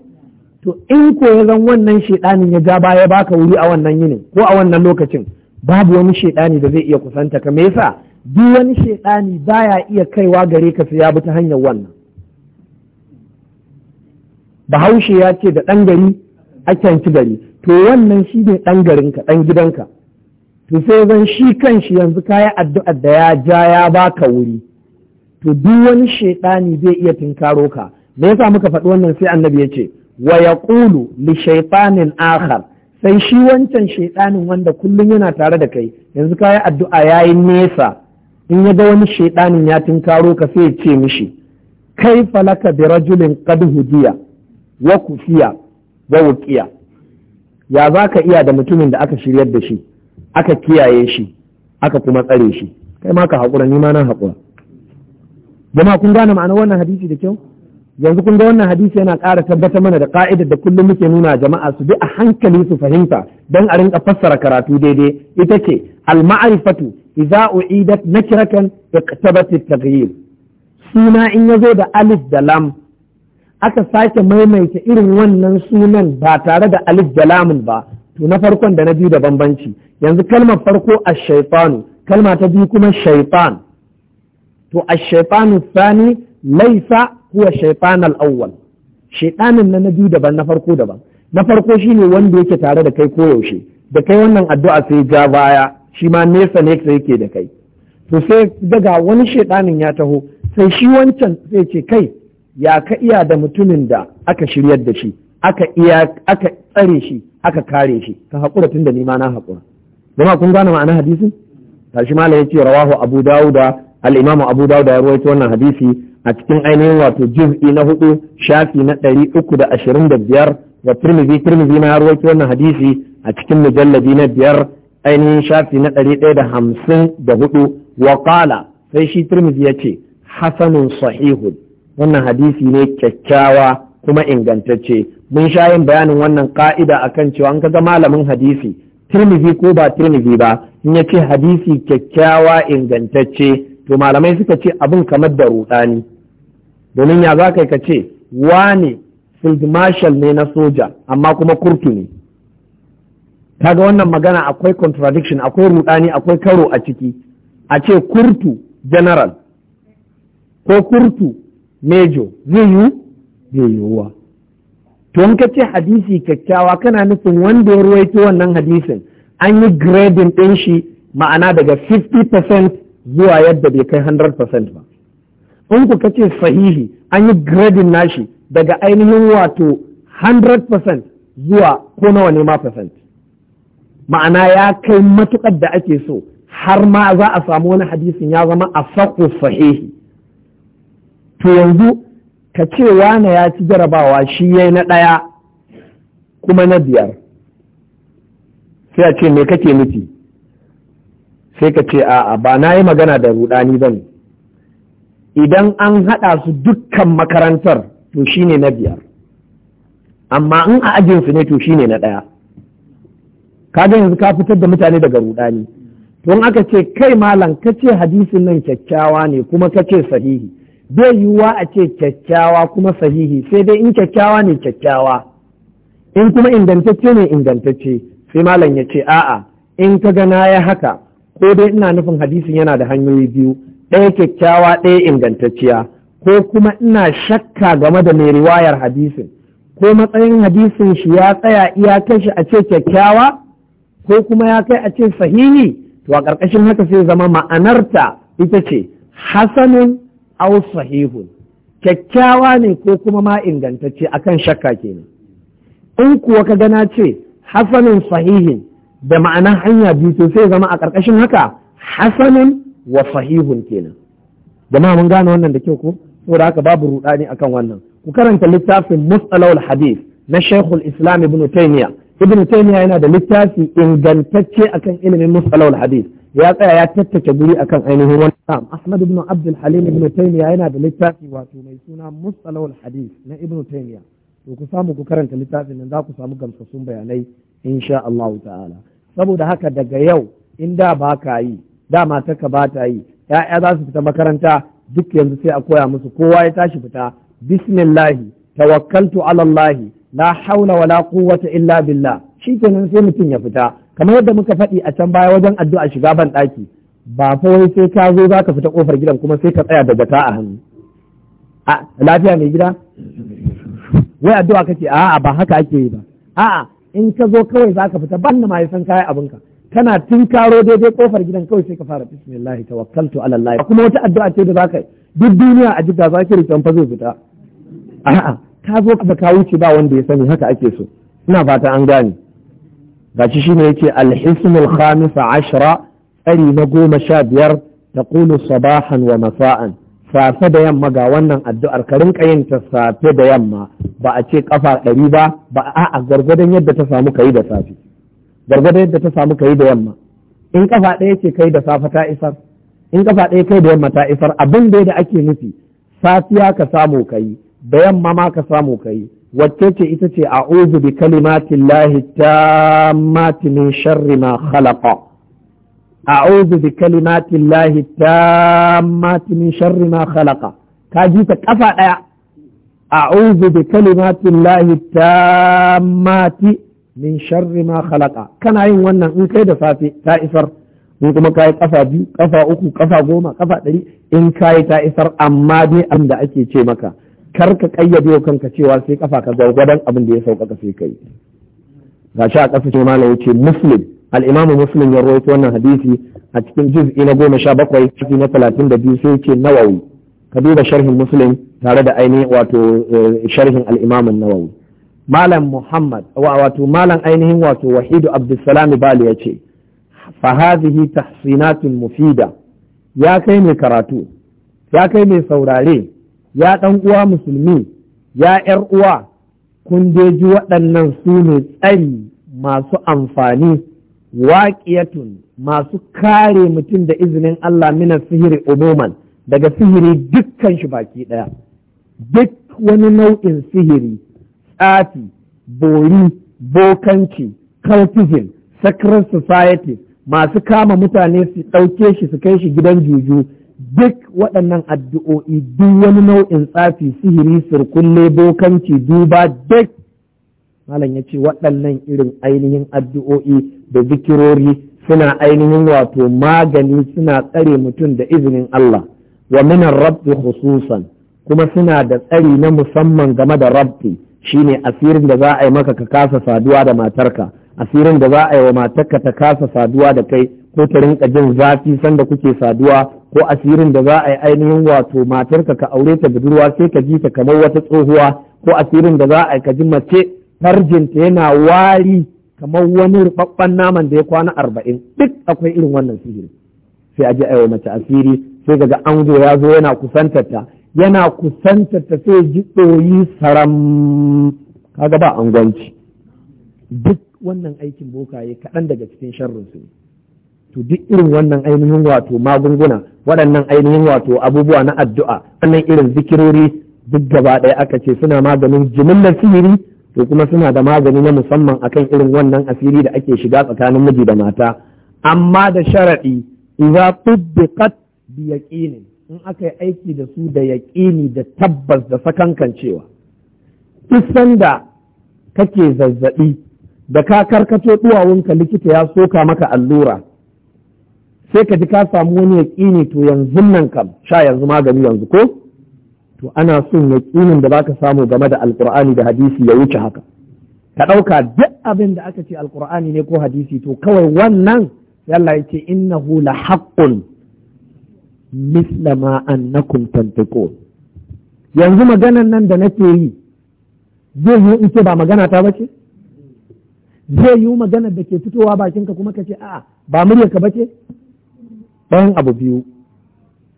to in ko ya zan wannan shaytanin ya ja baya baka wuri a wannan yinin ko a wannan lokacin babu wani shaidani da zai iya kusanta ka me yasa duk wani shaidani baya iya kaiwa gare ka sai ya bi ta hanyar wannan bahaushe ya ce da ɗan gari akan ci gari to wannan shi ne ɗan garinka ɗan gidanka to sai zan shi kanshi yanzu kayi addu'a da ya ja ya baka wuri to duk wani shaidani zai iya tinkaro ka me yasa muka faɗi wannan sai annabi ya ce wa ƙulu li shaytanin akhar sai shi wancan shaidanin wanda kullum yana tare da kai yanzu kayi addu'a yayi nesa in ya ga wani shaidanin ya tinkaro ka sai ce mishi kai falaka bi rajulin qad hudiya wa kufiya wa wuqiya ya za ka iya da mutumin da aka shiryar da shi aka kiyaye shi aka kuma tsare shi kai ma ka haƙura ni ma nan haƙura jama'a kun gane ma'anar wannan hadisi da kyau yanzu kun ga wannan hadisi yana ƙara tabbatar mana da ƙa'idar da kullum muke nuna jama'a su bi a hankali su fahimta don a rinka fassara karatu daidai ita ce al-ma'rifatu idza u'idat nakratan iqtabat at-taghyir suna in ya zo da alif da lam aka sake maimaita irin wannan sunan ba tare da alif da Lamin ba to na farkon da na biyu da bambanci yanzu kalmar farko ash-shaytanu kalma ta biyu kuma shaytan to ash-shaytanu thani laysa huwa shaytan al-awwal shaytanin na biyu daban na farko daban na farko shine wanda yake tare da kai koyaushe da kai wannan addu'a sai ja baya shi ma nesa ne yake da kai to sai daga wani shaidanin ya taho sai shi wancan sai ce kai ya ka iya da mutumin da aka shiryar da shi aka iya aka tsare shi aka kare shi ka haƙura tunda ni ma na haƙura Zama kun gane ma'anar hadisin tashi malam ce rawahu abu dauda al-imamu abu dauda ya rawaito wannan hadisi a cikin ainihin wato juz'i na hudu shafi na ɗari uku da ashirin da biyar wa tirmizi tirmizi ma ya rawaito wannan hadisi a cikin mujalladi na biyar ainihin shafi na ɗari ɗaya da hamsin da hudu wa ƙala sai shi turmizi ya ce hasanun sahihun wannan hadisi ne kyakkyawa kuma ingantacce mun sha yin bayanin wannan ka'ida akan cewa an kaga malamin hadisi turmizi ko ba turmizi ba in ya ce hadisi kyakkyawa ingantacce to malamai suka ce abin kamar da ruɗani. domin ya za ka ce wane field marshal ne na soja amma kuma kurtu ne kaga wannan magana akwai contradiction akwai rudani akwai karo a ciki a ce kurtu general ko kurtu major zai yi zai yiwuwa to in ka ce hadisi kyakkyawa kana nufin wanda ya ruwaito wannan hadisin an yi grading ɗin shi ma'ana daga 50% zuwa yadda bai kai 100% ba in ku kace sahihi an yi grading nashi daga ainihin wato 100% zuwa ko nawa ne ma percent ma'ana ya kai matuƙar da ake so har ma za a samu wani hadisin ya zama a sahihi to yanzu ka ce wane ya ci jarabawa shi ya na ɗaya kuma na biyar sai a ce me kake nufi sai ka ce a'a ba na yi magana da rudani ba ne idan an haɗa su dukkan makarantar to shine na biyar amma in a ajinsu ne to shine na ɗaya kaga yanzu ka fitar da mutane daga rudani don aka ce kai malam ka ce hadisin nan kyakkyawa ne kuma ka ce sahihi bai yiwuwa a ce kyakkyawa kuma sahihi sai dai in kyakkyawa ne kyakkyawa in kuma ingantacce ne ingantacce sai malam ya ce a'a in ka ga na ya haka ko dai ina nufin hadisin yana da hanyoyi biyu ɗaya kyakkyawa ɗaya ingantacciya ko kuma ina shakka game da mai riwayar hadisin ko matsayin hadisin shi ya tsaya iya kashi a ce kyakkyawa ko kuma ya kai a ce sahihi to a ƙarƙashin haka sai zama ma'anarta ita ce hasanun aw sahihun kyakkyawa ne ko kuma ma ingantacce akan shakka kenan in kuwa ka gana ce hasanun sahihin da ma'anar hanya biyu to sai zama a ƙarƙashin haka hasanun wa sahihun kenan jama'a mun gane wannan da kyau ko saboda haka babu rudani akan wannan ku karanta littafin mustalawul hadith na shaykhul islam ibn taymiya ibn taymiya yana da littafi ingantacce akan ilimin musalawul hadith ya tsaya ya tattace guri akan ainihin wannan ahmad ibn abdul halim ibn taymiya yana da littafi wato mai suna musalawul hadith na ibn taymiya to ku samu ku karanta littafin nan za ku samu gamsassun bayanai insha Allah ta'ala saboda haka daga yau in da ba ka yi da ka ba ta yi ya'ya za su fita makaranta duk yanzu sai a koya musu kowa ya tashi fita bismillahi tawakkaltu ala Allah la haula wala quwwata illa billah shikenan sai mutum ya fita kamar yadda muka faɗi a can baya wajen addu'a shiga ban ɗaki ba fa wai sai ka zo za ka fita kofar gidan kuma sai ka tsaya da jaka a hannu a lafiya mai gida wai addu'a kake a'a ba haka ake yi ba a'a in ka zo kawai za ka fita ban ma ya san kayan abinka kana tun karo daidai kofar gidan kawai sai ka fara bismillah tawakkaltu ala Allah kuma wata addu'a ce da zaka duk duniya a jidda zaki rikan fa zai fita a'a ka zo ka ka wuce ba wanda ya sani haka ake so ina fata an gane gashi shine yake al-hismul khamis ashra tsari na goma sha biyar ta kulu sabahan wa masa'an safe da yamma ga wannan addu'ar ka kayin ta safe da yamma ba a ce kafa ɗari ba ba a a gargadon yadda ta samu kai da safe gargadon yadda ta samu kai da yamma in kafa ɗaya ce kai da safe ta isar in kafa ɗaya kai da yamma ta isar abin da ake nufi safiya ka samu kayi da yamma ma ka samu kai. waccece ce ita ce a uzu bi kalimatin min sharri ma khalaqa bi min sharri ma khalaqa ka ji ta kafa ɗaya a uzu bi kalimatin min sharri ma khalaqa kana yin wannan in kai da safe ta isar in kuma kayi kafa biyu kafa uku kafa goma kafa ɗari in kayi ta isar amma dai abin da ake ce maka kar ka kayyade wa kanka cewa sai kafa ka gwadon abin da ya sauƙaƙa sai kai gashi a ƙasa ce malam yace muslim al-imamu muslim ya rawaito wannan hadisi a cikin juz'i na goma sha bakwai shafi na talatin da biyu sai yace nawawi ka duba sharhin muslim tare da ainihin wato eh, sharhin al nawawi malam muhammad wato malam ainihin wato wahidu abdussalam bali ya ce fa hadhihi tahsinatun mufida ya kai mai karatu ya kai mai saurare ya ɗan uwa musulmi ya ‘yar uwa kun ji waɗannan su ne tsari masu amfani waƙiyatun masu kare mutum da izinin Allah mina sihiri umuman daga sihiri dukkan shi baki ɗaya duk wani nau'in sihiri tsafi bori bokanci cultism secret society masu kama mutane su ɗauke shi su kai shi gidan juju duk waɗannan addu'o'i duk wani nau'in tsafi sihiri surkulle bokanci duba duk malam ya ce waɗannan irin ainihin addu'o'i da zikirori suna ainihin wato magani suna tsare mutum da izinin Allah wa minan rabbi hususan kuma suna da tsari na musamman game da rabbi shine asirin da za a yi maka ka kasa saduwa da matarka asirin da za a yi wa matarka ta kasa saduwa da kai ko ta rinka jin zafi sanda kuke saduwa ko asirin da za a yi ainihin wato matarka ka aure ta budurwa sai ka ji ta kamar wata tsohuwa ko asirin da za a yi ka ji mace farjinta yana wari kamar wani rubabban naman da ya kwana arba'in duk akwai irin wannan sihiri sai a ji a mace asiri sai kaga ango ya zo yana kusantarta yana kusantarta sai ji ɗoyi saram kaga ba angwanci duk wannan aikin bokaye kaɗan daga cikin sharrin su to duk irin wannan ainihin wato magunguna waɗannan ainihin wato abubuwa na addu'a wannan irin zikirori duk gaba ɗaya aka ce suna maganin jimillar sihiri to kuma suna da magani na musamman akan irin wannan asiri da ake shiga tsakanin miji da mata amma da sharaɗi idza tubbiqat bi yaƙini in aka yi aiki da su da yaƙini da tabbas da sakankancewa duk sanda kake zazzaɓi da ka karkato duwawunka likita ya soka maka allura sai ka ji ka samu wani yaƙini to yanzu nan kam sha yanzu magani yanzu ko to ana son yaƙinin da baka samu game da alƙur'ani da hadisi ya wuce haka ka ɗauka duk abin da aka ce alƙur'ani ne ko hadisi to kawai wannan yalla ya ce innahu la haqqun misla ma annakum tantiqun yanzu maganan nan da nake yi zai yi in ba magana ta bace zai yi maganar da ke fitowa bakinka kuma ka ce a'a ba muryarka bace Ɗan abu biyu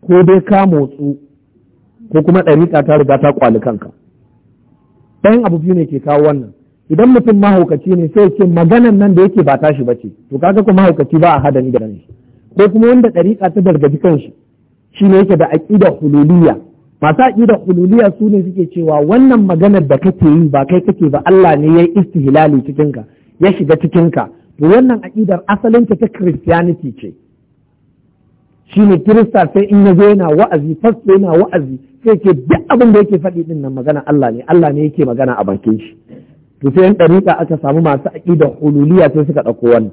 ko dai ka motsu ko kuma ɗariƙa ta riga ta kwali kanka Ɗan abu biyu ne ke kawo wannan idan mutum mahaukaci ne sai ce maganan nan da yake ba tashi ba ce to kaga ko mahaukaci ba a hada ni da shi ko kuma wanda ɗariƙa ta dargaji kanshi shi ne yake da aƙida hululiya masu aƙida hululiya su ne suke cewa wannan maganar da kake yi ba kai kake ba Allah ne ya yi istihlali cikinka ya shiga cikinka to wannan aƙidar asalinta ta christianity ce shi ne kirista sai in ya zo yana wa'azi fasto yana wa'azi sai ke duk abin da yake faɗi din nan magana Allah ne Allah ne yake magana a bakin shi to sai yan ɗariƙa aka samu masu da hululiya sai suka ɗauko wani.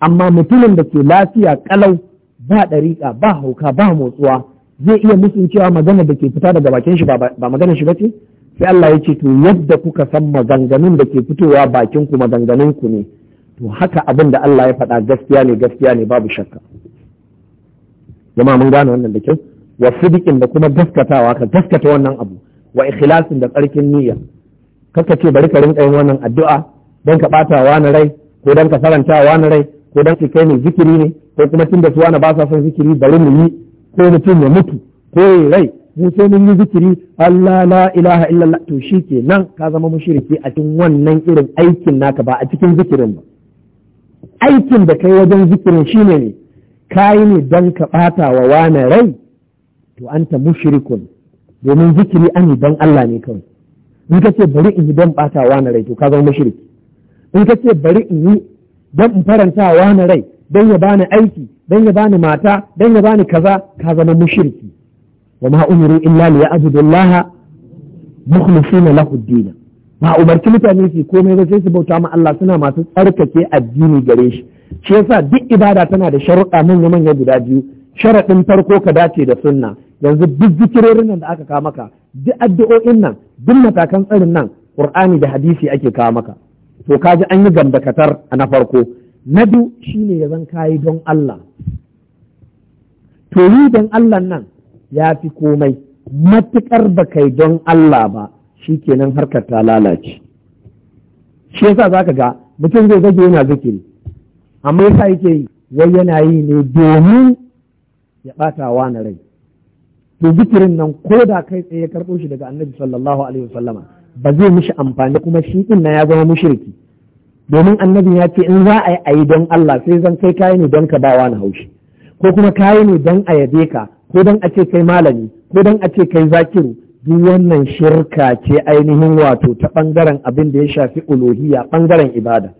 amma mutumin da ke lafiya ƙalau ba ɗariƙa ba hauka ba motsuwa zai iya musun cewa magana da ke fita daga bakin shi ba magana shi ba ce sai Allah ya ce to yadda kuka san maganganun da ke fitowa bakin ku maganganun ku ne to haka abin da Allah ya faɗa gaskiya ne gaskiya ne babu shakka Jama mun gane wannan da kyau wa sidikin da kuma gaskatawa ka gaskata wannan abu wa ikhlasin da tsarkin niyya kaka ce bari ka rinka yin wannan addu'a Dan ka bata wani rai ko dan ka faranta wani rai ko dan ka kai ne zikiri ne ko kuma tun da su wani ba sa son zikiri bari mu yi ko mutum ya mutu ko ya rai mu sai mun yi zikiri Allah la ilaha illallah to shi ke nan ka zama mushriki a cikin wannan irin aikin naka ba a cikin zikirin ba aikin da kai wajen zikirin shine ne yi ne don ka ɓata wa wane rai to ta mushrikun domin zikiri ani don Allah ne kawai in ka ce bari in yi don ɓata wane rai to ka zama mushriki in ka ce bari in yi don in faranta wane rai don ya bani aiki don ya bani mata don ya bani kaza ka zama mushriki wa ma umiru illa li ya'budu Allah mukhlisina lahu ad ba umarci mutane su komai ba sai su bauta ma Allah suna masu tsarkake addini gare shi shi yasa duk ibada tana da sharuɗa manya manya guda biyu sharaɗin farko ka dace da sunna yanzu duk zikirorin nan da aka kawo maka duk addu'o'in nan duk matakan tsarin nan qur'ani da hadisi ake kawo maka to kaji an yi gambakatar a na farko na biyu shine ya zan kayi don Allah to yi don Allah nan ya fi komai matuƙar ba kai don Allah ba shi kenan harkar ta lalace shi yasa zaka ga mutum zai zage yana zikiri amma sa yake yi wai yana yi ne domin ya ɓata wa na rai to zikirin nan ko da kai tsaye ya karɓo shi daga annabi sallallahu alaihi wasallama ba zai mishi amfani kuma shi din na ya zama mushriki domin annabi ya ce in za a yi ayi don Allah sai zan kai kayi ne don ka ba na haushi ko kuma kayi ne don a yabe ka ko don a ce kai malami ko don a ce kai zakiru duk wannan shirka ce ainihin wato ta ɓangaren abin da ya shafi uluhiyya ɓangaren ibada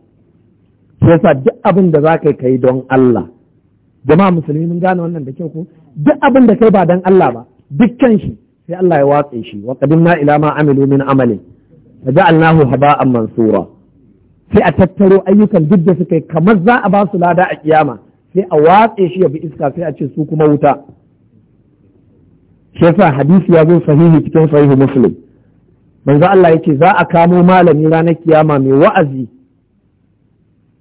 shi yasa duk abin da za ka yi don Allah jama'a musulmi mun gane wannan da kyau ko duk abin da kai ba don Allah ba dukkan shi sai Allah ya watse shi wa qadimna ila ma amilu min amalin ja'alnahu haba'an mansura sai a tattaro ayyukan duk da suka yi kamar za a ba su lada a kiyama sai a watse shi ya bi iska sai a ce su kuma wuta shi yasa hadisi ya zo sahihi cikin sahihi muslim manzo Allah ya ce za a kamo malami ranar kiyama mai wa'azi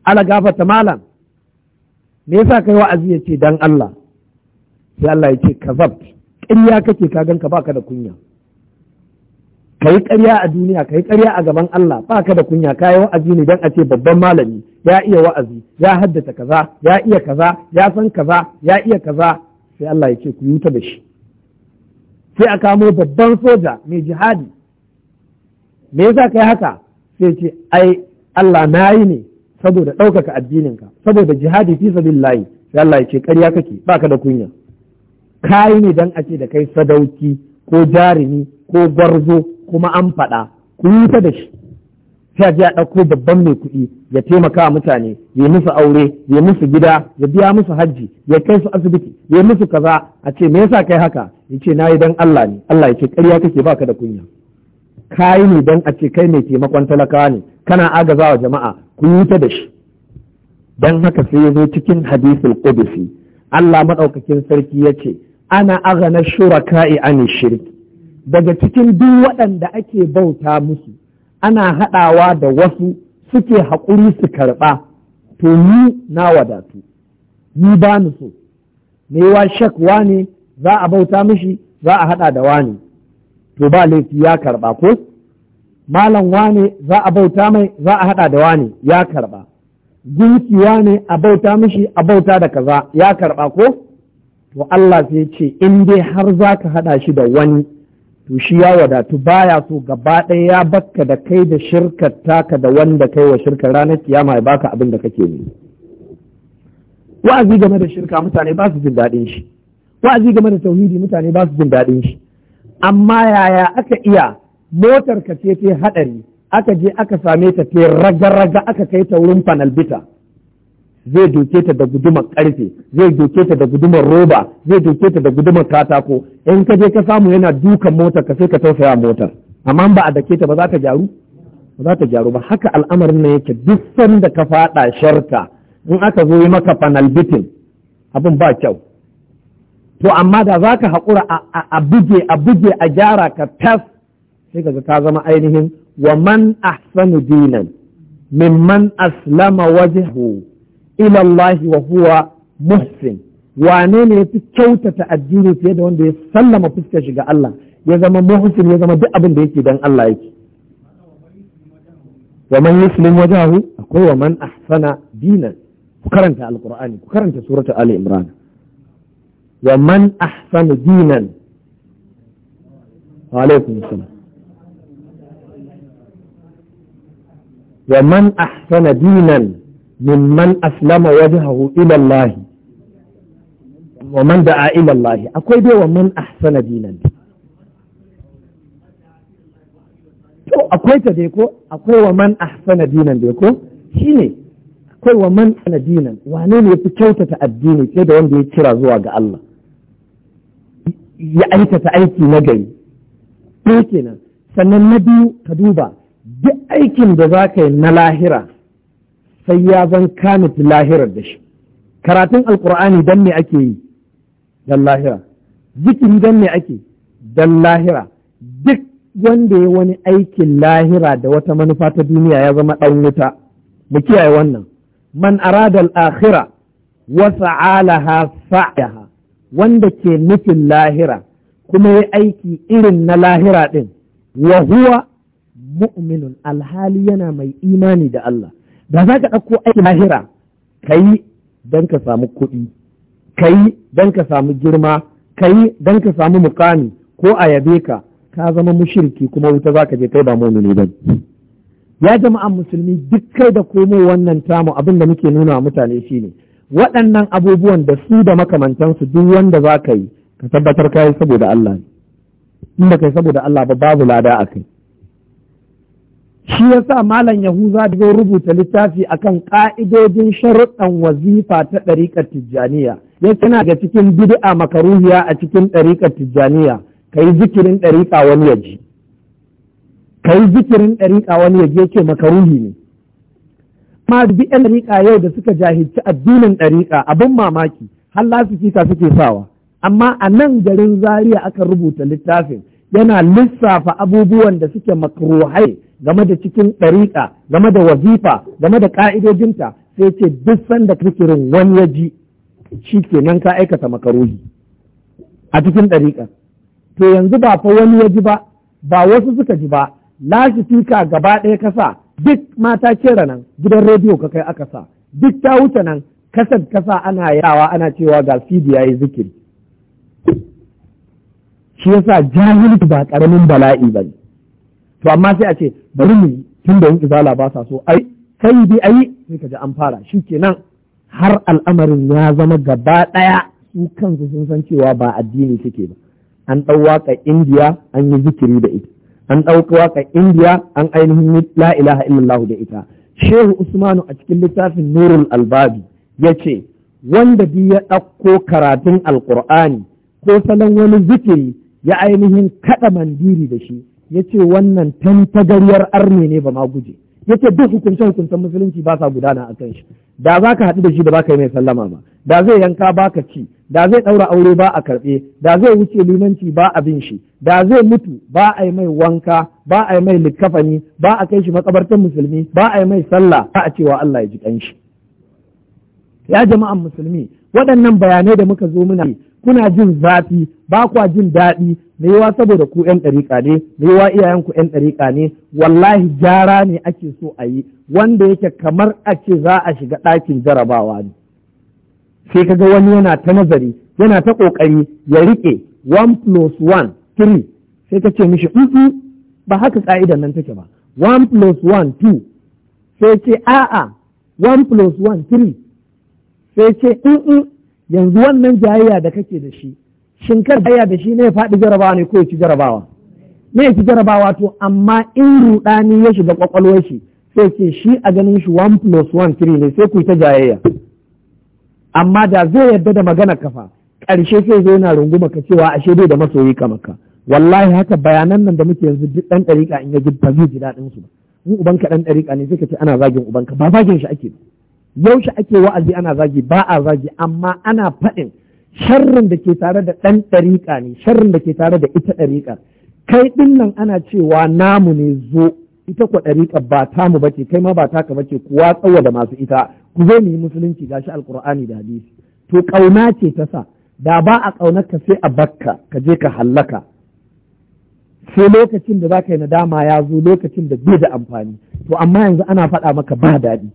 ala gafata malam me yasa kai wa'azi ya ce dan Allah sai Allah ya ce kazab ƙarya kake ka ganka baka da kunya kai ƙarya a duniya kai ƙarya a gaban Allah baka da kunya kai wa'azi ne dan a ce babban malami ya iya wa'azi ya haddata kaza ya iya kaza ya san kaza ya iya kaza sai Allah ya ce ku yuta da shi sai a kamo babban soja mai jihadi me yasa kai haka sai ce ai Allah na yi ne saboda ɗaukaka addininka saboda jihadi fi sabilillahi ya Allah ya ce ƙarya kake baka da kunya kai ne dan a ce da kai sadauki ko jarumi ko gwarzo kuma an faɗa ku yi ta da shi sai ji a ɗauko babban mai kuɗi ya taimaka wa mutane ya musu aure ya musu gida ya biya musu hajji ya kai su asibiti ya musu kaza a ce me yasa kai haka ya ce na yi dan Allah ne Allah ya ce ƙarya kake baka da kunya kai ne dan a ce kai mai taimakon talakawa ne kana agaza wa jama'a ku yi ta da shi dan haka sai ya zo cikin hadisul qudsi Allah madaukakin sarki ya ce ana aghana shuraka'i an shirki daga cikin duk waɗanda ake bauta musu ana haɗawa da wasu suke haƙuri su karɓa to ni na wadatu ni ba ni so Me wa shak ne? za a bauta mishi za a haɗa da wa ne? to ba laifi ya karɓa ko malam wane za a bauta mai za a haɗa da wane ya karba gunki wane a bauta mishi a bauta da kaza ya karɓa ko to Allah sai ce in dai har za ka haɗa shi da wani to shi ya wadatu baya so gaba ɗaya ya bakka da kai da shirkar taka da wanda kai wa shirkar ranar kiyama ya baka abin da kake ne wa'azi game da shirka mutane ba su jin daɗin shi wa'azi game da tauhidi mutane ba su jin daɗin shi amma yaya aka iya motar ka ce ta haɗari aka je aka same ta ta raga-raga aka kai ta wurin fanalbita zai doke ta da gudumar ƙarfe zai doke ta da gudumar roba zai doke ta da gudumar katako in ka je ka samu yana dukan motar ka sai ka tausaya motar amma ba a dake ta ba za ta gyaru ba za ta gyaru ba haka al'amarin nan yake duk sanda ka faɗa sharka in aka zo yi maka fanalbitin abin ba kyau to amma da za ka haƙura a buge a buge a gyara ka tas sai kaga ta zama ainihin wa man ahsanu dinan mimman aslama wajhu ila Allah wa huwa muhsin wane ne yafi kyautata addini fiye da wanda ya sallama fuskar shi ga Allah ya zama muhsin ya zama duk abin da yake dan Allah yake wa man yuslim wajhahu akwai wa man ahsana dinan ku karanta alqur'ani ku karanta surata ali imran wa man ahsana dinan wa alaikum assalam wa man ahsana dinan mimman aslama wajhahu ila Allah wa man da'a ila Allah akwai dai wa man ahsana dinan to akwai ta dai akwai wa man ahsana dinan dai ko shine akwai wa man ahsana dinan wane ne yafi kyautata addini sai da wanda ya kira zuwa ga Allah ya aikata aiki na gari ɗaya sannan na biyu ka duba duk aikin da za ka yi na lahira sai ya zan kamit lahirar da shi karatun alkur'ani don me ake yi don lahira zikiri don me ake don lahira duk wanda ya wani aikin lahira da wata manufa ta duniya ya zama ɗan wuta mu kiyaye wannan man arada al-akhira wa sa'alaha sa'yaha wanda ke nufin lahira kuma ya aiki irin na lahira ɗin wa huwa mu'minun alhali yana mai imani da Allah da za ka ɗauko aiki lahira ka yi don ka samu kuɗi ka yi don ka samu girma ka yi don ka samu mukami ko a yabe ka ka zama mushirki kuma wuta za ka je kai ba mumini ba ya jama'an musulmi duk kai da komo wannan tamu abin da muke nuna mutane shine waɗannan abubuwan da su da makamantansu duk wanda za ka yi ka tabbatar ka yi saboda Allah ne in ba kai saboda Allah ba babu lada a kai shi ya yasa malam yahuza zai rubuta littafi a kan ƙa'idodin sharuɗan wazifa ta ɗariƙar tijjaniya ya tana ga cikin bid'a makaruhiya a cikin ɗariƙar tijjaniya ka yi zikirin ɗariƙa wani ya ka yi zikirin ɗariƙa wani yaji yake makaruhi ne ma da yan ɗariƙa yau da suka jahilci addinin ɗariƙa abin mamaki har lasifika suke sawa amma a nan garin zaria aka rubuta littafin yana lissafa abubuwan da suke makruhai game da cikin ɗariƙa game da wazifa game da ƙa'idojinta sai ce duk sanda kirkirin wani ya ji shi kenan ka aikata makarohi a cikin ɗariƙa to yanzu ba fa wani ya ji ba ba wasu suka ji ba lashi fika gaba ɗaya kasa duk mata kera nan gidan rediyo ka kai aka sa duk ta wuce nan kasar kasa ana yawa ana cewa ga sidi ya yi zikiri shi yasa jahilci ba ƙaramin bala'i ba ne to amma sai a ce bari mu tun da yin izala ba sa so ai kai bi ai sai ka ji an fara shi kenan har al'amarin ya zama gaba ɗaya su kansu sun san cewa ba addini suke ba an ɗau indiya an yi zikiri da ita an ɗauki indiya an ainihin la ilaha illallah da ita shehu usmanu a cikin littafin nurul albabi ya ce wanda bi ya ɗauko karatun alƙur'ani ko salon wani zikiri ya ainihin kaɗa mandiri da shi Ya ce wannan tantagaryar arne ne ba ma guje Ya ce duk hukuncin-hukuncin musulunci ba sa gudana a kan shi da za ka haɗu da shi da ka yi mai sallama ba da zai yanka ba ka ci da zai ɗaura aure ba a karɓe da zai wuce limanci ba a bin shi da zai mutu ba a yi mai wanka ba a yi mai likkafani ba a kai shi makabartar musulmi ba a yi mai sallah ba a cewa Allah ya ji ƙanshi ya jama'an musulmi waɗannan bayanai da muka zo muna kuna jin zafi ba kwa jin daɗi na yawa saboda ku yan ɗariƙa ne da yawa iyayen ku yan ɗariƙa ne wallahi gyara ne ake so a yi wanda yake kamar ake za a shiga ɗakin jarabawa ne sai kaga wani yana ta nazari yana ta ƙoƙari ya riƙe one plus one three sai ka ce mishi ba haka ƙa'idan nan take ba one plus one two sai ce one plus one three sai ce yanzu wannan jayayya da kake da shi shin kar jayayya da shi ne ya faɗi jarabawa ne ko ya ci jarabawa ne ya ci jarabawa to amma in ruɗani ya shiga kwakwalwar shi sai ce shi a ganin shi 1 plus 1 3 ne sai ku ta jayayya amma da zai yarda da magana kafa ƙarshe sai zai na runguma ka cewa ashe bai da masoyi ka maka. wallahi haka bayanan nan da muke yanzu duk ɗan ɗariƙa in ya ji ba zai ji daɗin su ba in ubanka ɗan ɗariƙa ne sai ka ce ana zagin ubanka ba zagin shi ake ba yaushe ake wa'azi ana zagi ba a zagi amma ana faɗin sharrin da ke tare da ɗan ɗariƙa ne sharrin da ke tare da ita ɗariƙa kai ɗin nan ana cewa namu ne zo ita kwa ɗariƙa ba ta ba bace kai ma ba ta ka bace kuwa tsawo da masu ita ku zo mu yi musulunci gashi alƙur'ani da hadisi to ƙauna ce ta sa da ba a ƙaunar ka sai a bakka ka je ka hallaka sai lokacin da za ka yi nadama ya zo lokacin da bai da amfani to amma yanzu ana faɗa maka ba daɗi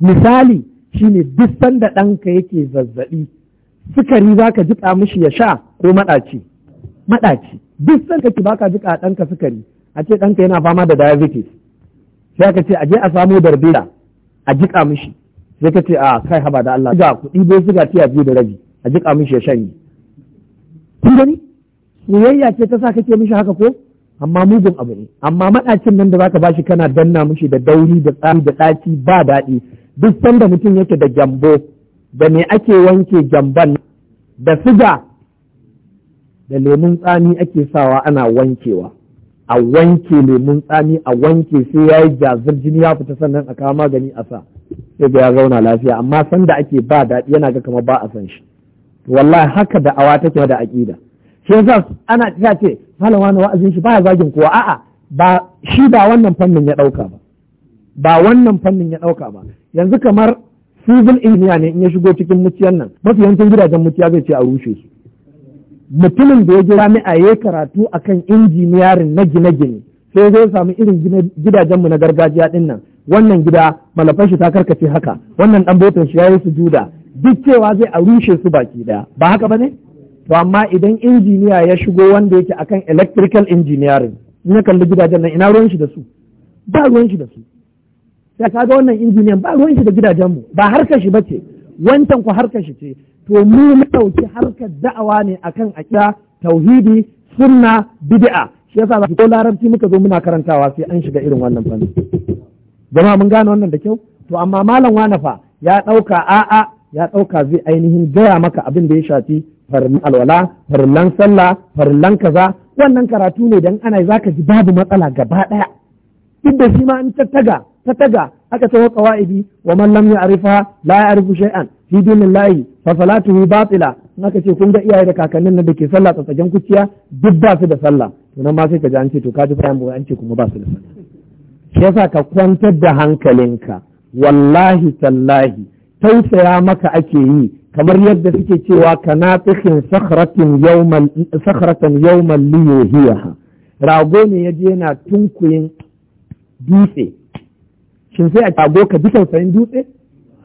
misali shine duk sanda ɗanka yake zazzaɓi sukari za ka jiƙa mishi ya sha ko maɗaci maɗaci duk sanda ki baka jiƙa ɗanka sukari a ce ɗanka yana fama da diabetes sai ka ce a je a samo darbera a jiƙa mishi sai ka ce a ah, kai haba da Allah ga kuɗi bai suga a biyu da rabi a jiƙa mishi ya shanye kun gani soyayya ce ta sa kake mishi haka ko amma mugun abu ne amma maɗacin nan da zaka bashi kana danna mishi da dauri da tsari da ɗaci ba daɗi duk sanda mutum yake da gyambo da me ake wanke jamban da siga da lemun tsami ake sawa ana wankewa a wanke lemun tsami a wanke sai ya yi jazir jini ya fita sannan a kawo magani a sa sai ga ya zauna lafiya amma sanda ake ba daɗi yana ga kamar ba a san shi wallahi haka da awa take da aƙida shi yasa ana ta ce malama na wa'azin shi ba ya zagin kowa a'a ba shi ba wannan fannin ya ɗauka ba ba wannan fannin ya ɗauka ba yanzu kamar civil engineer ne in ya shigo cikin muciyan nan mafi yancin gidajen muciya zai ce a rushe su mutumin da ya rami a ya karatu a kan injiniyarin na gine-gine sai zai samu irin gidajenmu na gargajiya din nan wannan gida malafan shi ta karkace haka wannan dan botan shi su juda. duk cewa zai a rushe su baki daya ba haka bane to amma idan injiniya ya shigo wanda yake akan electrical engineering in ya kalli gidajen nan ina ruwan shi da su ba ruwan shi da su sai ga wannan injiniyan ba ruwan shi da gidajenmu ba harkar shi bace wancan ku harkar shi ce to mu mu dauki harkar da'awa ne akan aqida tauhidi sunna bid'a shi yasa za ko larabci muka zo muna karantawa sai an shiga irin wannan fanni Zama mun gane wannan da kyau to amma malam wani fa ya ɗauka a'a ya ɗauka zai ainihin gaya maka abin da ya shafi farin alwala farin sallah farin kaza wannan karatu ne dan ana zaka ji babu matsala gaba ɗaya duk da shi ma an tattaga ta taga aka taho qawaidi wa man lam ya'rifha la ya'rifu shay'an fi dinillahi fa salatuhu batila in aka ce kun ga iyaye da kakannin nan da ke sallah tsatsagen kuciya duk ba su da sallah to nan ma sai ka ji an ce to ka ji bayan boye an ce kuma ba su da sallah shi yasa ka kwantar da hankalinka wallahi tallahi tausaya maka ake yi kamar yadda suke cewa kana tsikin sakhratin yawmal sakhratan yawmal liyuhiha rago ne yaje yana tunkuyin dutse shin sai a rago ka ji tausayin dutse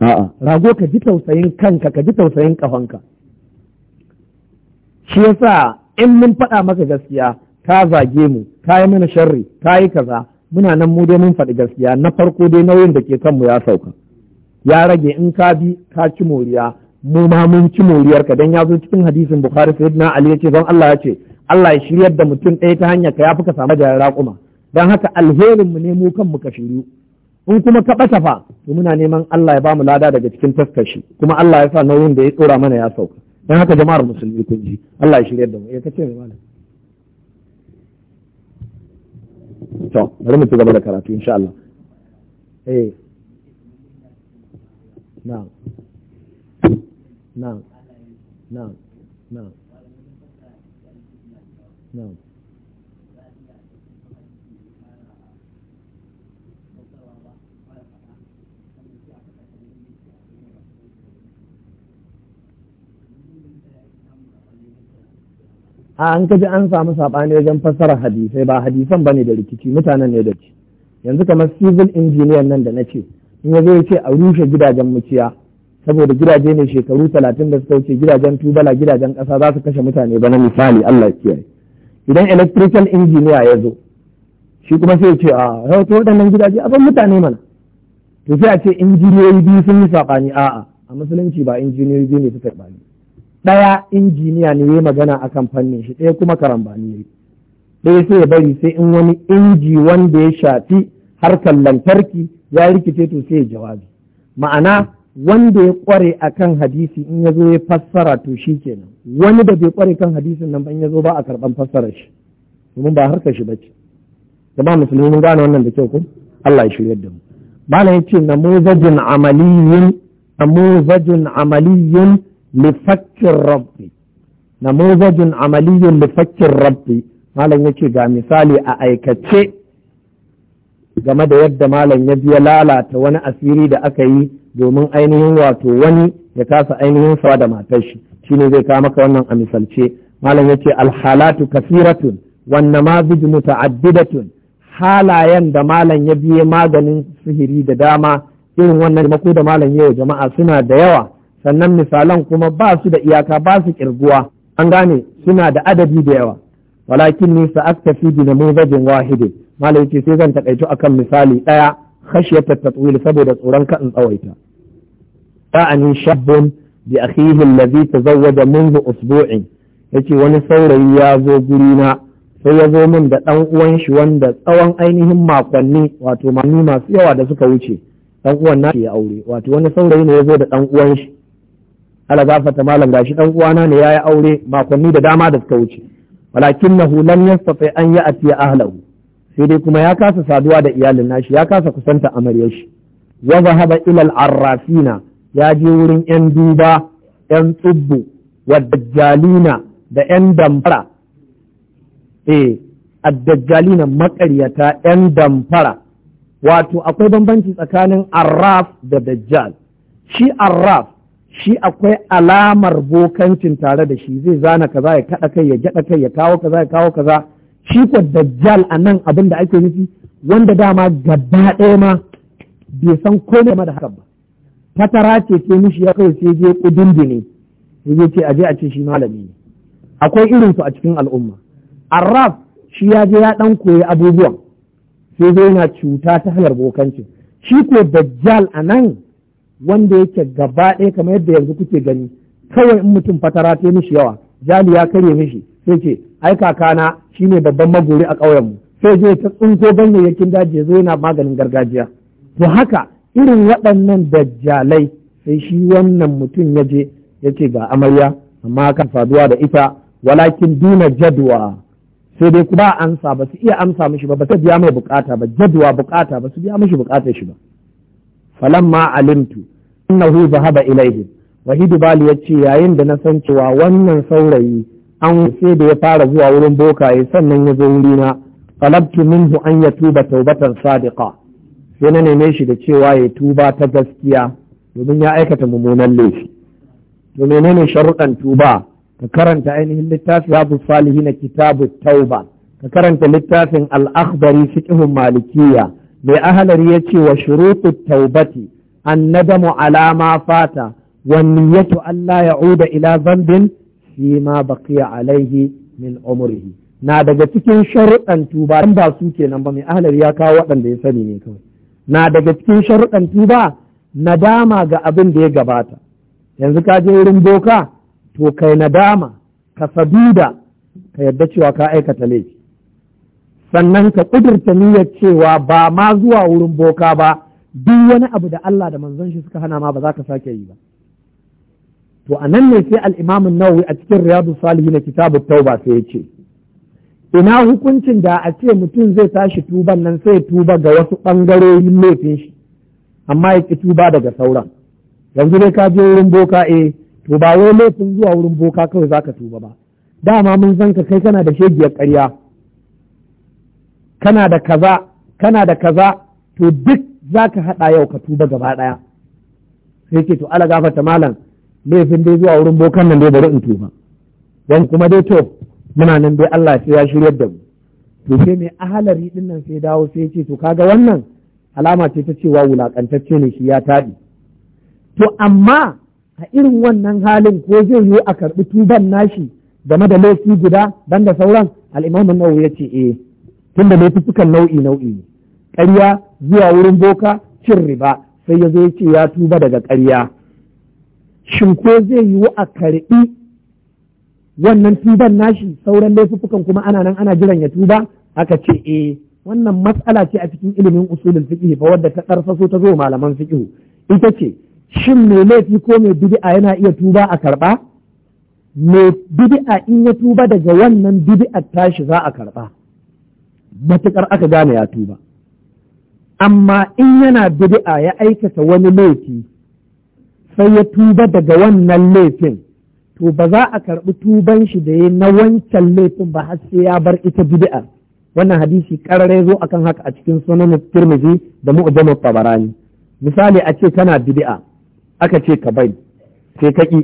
a'a rago ka ji tausayin kanka ka ji tausayin kafanka shi yasa in mun faɗa maka gaskiya ka zage mu ka yi mana sharri ka yi kaza muna nan mu dai mun faɗi gaskiya na farko dai nauyin da ke kanmu ya sauka ya rage in ka bi ka ci moriya mu ma mun ci moriyar ka dan ya zo cikin hadisin bukhari na ali yace don Allah ya ce Allah ya shiryar da mutum ɗaya ta hanyar ka ya fi ka samu da raƙuma dan haka alherin mu ne mu kanmu ka shiryu in kuma ka ɓata fa muna neman Allah ya ba mu lada daga cikin taskashi kuma Allah ya sa nauyin da ya tsora mana ya sauka dan haka jama'ar musulmi kun ji Allah ya shirya da mu eh kace mai malam to bari mu ci gaba da karatu insha Allah eh na na na na na a an kaji an samu saɓani wajen fassara hadisai ba hadisan bane da rikici mutanen ne da ci yanzu kamar civil engineer nan da na ce in ya ya ce a rushe gidajen muciya saboda gidaje ne shekaru talatin da suka wuce gidajen tubala gidajen ƙasa za su kashe mutane ba na misali Allah kiyaye idan electrical engineer ya zo shi kuma sai ce a yawancin waɗannan gidaje a ban mutane mana to sai a ce injiniyoyi biyu sun yi saɓani a'a a musulunci ba injiniyoyi biyu ne suka yi ɗaya injiniya ne ya yi magana akan fannin shi ɗaya kuma karambani ne ɗaya sai ya bari sai in wani inji wanda ya shafi harkar lantarki ya rikice to sai ya jawabi ma'ana wanda ya kware kan hadisi in ya zo ya fassara to shi kenan wani da bai kware kan hadisin nan ban ya zo ba a karɓan fassarar shi domin ba harkar shi ba bace jama'a musulmi mun gane wannan da kyau ko Allah ya shirya da mu malam yace namuzajun amaliyyin namuzajun amaliyyin lifakkin rabbi namuzajin amaliyun lifakkin rabbi malam yake ga misali a aikace game da yadda malam ya biya lalata wani asiri da aka yi domin ainihin wato wani ya kasa ainihin sawa da matar shi shine zai kawo maka wannan a misalce malam yace alhalatu kasiratun wannan namazij muta'addidatun halayen da malam ya biye maganin sihiri da dama irin wannan mako da malam yau jama'a suna da yawa sannan misalan kuma ba su da iyaka ba su kirguwa an gane suna da adadi da yawa walakin ni sa'aktafi bi namuzajin wahidi malai ce sai zan takaito akan misali daya khashyata tatwil saboda tsoron ka in tsawaita ta'ani shabbun bi akhihi allazi tazawwaja منذ usbu'in yace wani saurayi ya zo gurina sai ya zo min da dan uwan shi wanda tsawon ainihin makonni wato manni masu yawa da suka wuce dan uwan na ya aure wato wani saurayi ne ya zo da dan uwan shi ala malam gashi dan uwana ne yayi aure makonni da dama da suka wuce walakinnahu lam yastati an ya'ti ahlahu sai dai kuma ya kasa saduwa da iyalin nashi ya kasa kusanta amaryar shi wa zahaba ila al-arrafina ya je wurin yan duba yan tsubbu wa dajjalina da yan damfara eh ad-dajjalina yan damfara wato akwai bambanci tsakanin arraf da dajjal shi arraf shi akwai alamar bokancin tare da shi zai zana kaza ya kaɗa kai ya jaɗa kai ya kawo kaza ya kawo kaza shi ko dajjal a nan abin da ake nufi wanda dama gaba ɗaya ma bai san komai ma da haka ba fatara ce ce mishi ya kai sai je kudindini sai je ce aje a ce shi malami ne akwai irin su a cikin al'umma arraf shi ya je ya ɗan koyi abubuwan sai zai yana cuta ta hanyar bokancin shi ko jal a nan wanda yake gaba ɗaya kamar yadda yanzu kuke gani kawai in mutum fatara ta mishi yawa jali ya karye mishi sai ce ai kakana shine babban magori a ƙauyen mu sai je ta tsinko ganyayyakin daji ya zo yana maganin gargajiya to haka irin waɗannan dajjalai sai shi wannan mutum ya je ya ce ga amarya amma kan faduwa da ita walakin duna jadwa sai dai kuma amsa ba su iya amsa mishi ba ba su biya mai bukata ba jadwa bukata ba su biya mishi bukatar shi ba falamma alimtu annahu zahaba ilaihim wahidu bali ya ce yayin da na san cewa wannan saurayi an sai da ya fara zuwa wurin bokaye sannan ya zo wurina talabtu minhu an ya tuba taubatan sadiqa sai na neme shi da cewa ya tuba ta gaskiya domin ya aikata mummunan laifi to menene sharuɗan tuba ka karanta ainihin littafin babu na kitabu tauba ka karanta littafin al-akhbari fiqhun malikiyya mai ahalar ya ce wa shurutu taubati an nadamu alama fata wani yato Allah ya uda ila zambin shi ma baqiya alaihi min umrihi na daga cikin sharuɗan tuba dan ba su kenan ba mai ahalari ya kawo waɗanda ya sani ne kawai na daga cikin sharuɗan tuba nadama ga abin da ya gabata yanzu ka je wurin boka to kai nadama ka saduda ka yadda cewa ka aikata laifi sannan ka ƙudurta niyyar cewa ba ma zuwa wurin boka ba duk wani abu da Allah da manzon shi suka hana ma ba za ka sake yi ba to anan ne sai al-Imam an-Nawawi a cikin Riyadu Salihin kitabu Tauba sai ya ce ina hukuncin da a ce mutum zai tashi tuban nan sai tuba ga wasu bangarorin laifin shi amma ya ki tuba daga sauran yanzu dai ka je wurin boka e, to ba wai laifin zuwa wurin boka kawai zaka tuba ba dama mun san ka kai kana da shegiyar ƙarya kana da kaza kana da kaza to duk za ka haɗa yau ka tuba gaba ɗaya. sai ce to ala gafarta malam laifin dai zuwa wurin bokan nan dai bari in tuba dan kuma dai to muna nan dai Allah sai ya shiryar da mu to sai mai ahalari din nan sai dawo sai ce to kaga wannan alama ce ta cewa wulakantacce ne shi ya taɗi to amma a irin wannan halin ko zai yiwu a karɓi tuban nashi game da laifi guda dan da sauran al nawa ya ce eh tunda laifukan nau'i nau'i ne ƙarya zuwa wurin boka cin riba sai ya zo ce ya tuba daga ƙarya shin ko zai yiwu a karɓi wannan tuban nashi sauran laifukan kuma ana nan ana jiran ya tuba aka ce eh wannan matsala ce a cikin ilimin usulin fiqh fa wadda ta karfaso ta zo malaman fiqh ita ce shin mai laifi ko mai bid'a yana iya tuba a karɓa? mai bid'a in ya tuba daga wannan bid'a tashi za a karɓa. matukar aka gane ya tuba amma in yana bid'a ya aikata wani laifi sai ya tuba daga wannan laifin to ba za a karɓi tuban shi da ya na wancan laifin ba har sai ya bar ita bid'a wannan hadisi karare zo akan haka a cikin sunan Tirmidhi da Mu'jam tabarani misali a ce kana bid'a aka ce ka bai sai ka ki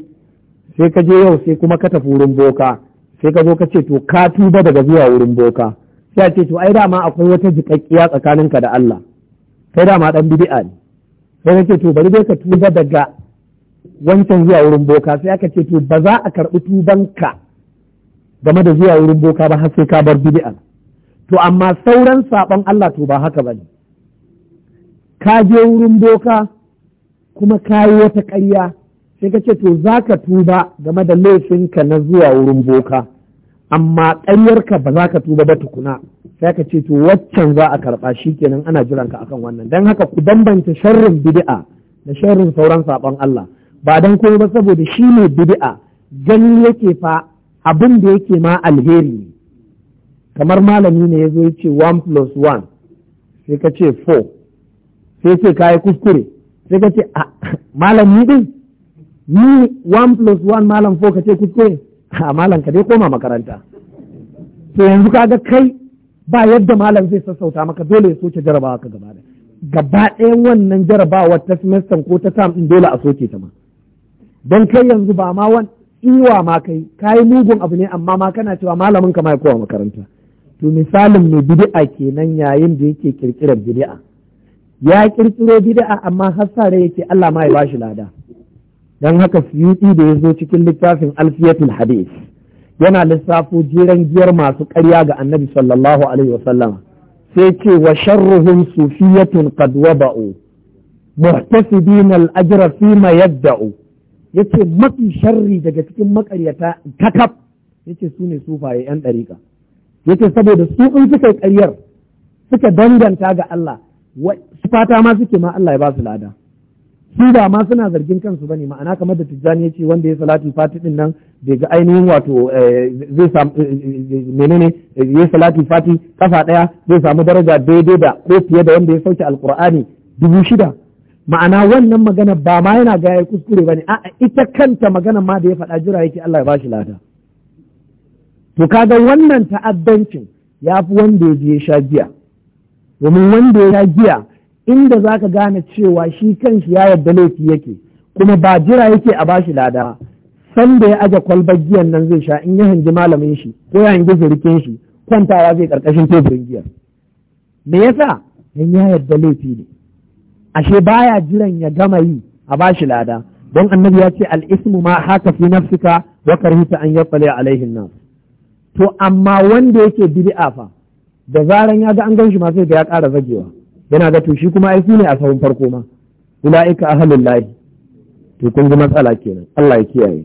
sai ka je yau sai kuma ka tafi wurin boka sai ka zo ka ce to ka tuba daga zuwa wurin boka sai ce to ai dama akwai wata jikakkiya tsakaninka da Allah kai dama dan bid'a ne sai ce to bari dai ka tuba daga wancan zuwa wurin boka sai aka ce to ba za a karɓi tubanka game da zuwa wurin boka ba har sai ka bar bid'a to amma sauran saɓon Allah to ba haka bane ka je wurin boka kuma ka yi wata ƙarya sai ka ce to za ka tuba game da laifinka na zuwa wurin boka amma ƙaryarka ba za ka tuba ba tukuna sai ka ce to waccan za a karɓa shi kenan ana jiran ka akan wannan dan haka ku bambanta sharrin bid'a da sharrin sauran saɓon Allah ba dan komai ba saboda shi ne bid'a gani yake fa abin da yake ma alheri ne kamar malami ne ya zo ya ce one plus one sai ka ce four sai ce ka yi kuskure sai ka ce ah, malami din ni one plus one malam four ka ce kuskure a malam ka dai koma makaranta to yanzu kaga kai ba yadda malam zai sassauta maka dole ya soke jarabawa ka gaba ɗaya gaba ɗayan wannan jarabawar ta semester ko ta sam ɗin dole a soke ta ma don kai yanzu ba ma wan iwa ma kai kayi mugun abu ne amma ma kana cewa malamin ka ma koma makaranta to misalin mai bid'a kenan yayin da yake kirkirar bid'a ya kirkiro bid'a amma har hasare yake Allah ma ya bashi lada don haka suyuti da ya zo cikin littafin alfiyatul hadis yana lissafo jiran giyar masu ƙarya ga annabi sallallahu alaihi wasallam sai ce wa sharruhum sufiyatun qad waba'u muhtasibin al-ajra fima yabda'u yace mafi sharri daga cikin makaryata kakaf yace su ne sufaye yan ɗarika yace saboda su in suka ƙaryar suka danganta ga Allah fata ma suke ma Allah ya ba su lada su ba ma suna zargin kansu bane ma'ana kamar da tijjani ya ce wanda ya salati fati din nan bai ga ainihin wato eh, zai samu eh, eh, menene ya salati fati kafa ɗaya zai samu daraja daidai da ko fiye da wanda ya sauke alqur'ani dubu shida ma'ana wannan magana ba ma yana ga kuskure kuskure ne. a'a ita kanta magana ma da ya faɗa jira yake Allah ya bashi lada to kaga wannan ta'addancin ya fi wanda ya je ya sha giya domin wanda ya sha giya inda za ka gane cewa shi kanshi ya yarda laifi yake kuma ba jira yake a bashi lada sanda ya aje kwalbar giyan nan zai sha in ya hangi malamin shi ko ya hangi zurikin shi kwantawa zai karkashin teburin giyar me yasa in ya yarda laifi ne ashe baya jiran ya gama yi a bashi lada don annabi ya ce al-ismu ma haka fi nafsika wa karhita an yattali alaihin nas to amma wanda yake bid'a fa da zaran ya ga an gan shi ma sai ya ƙara zagewa yana ga to shi kuma ai ne a sahun farko ma ulaika ahlul lahi to kun ga matsala kenan Allah ya kiyaye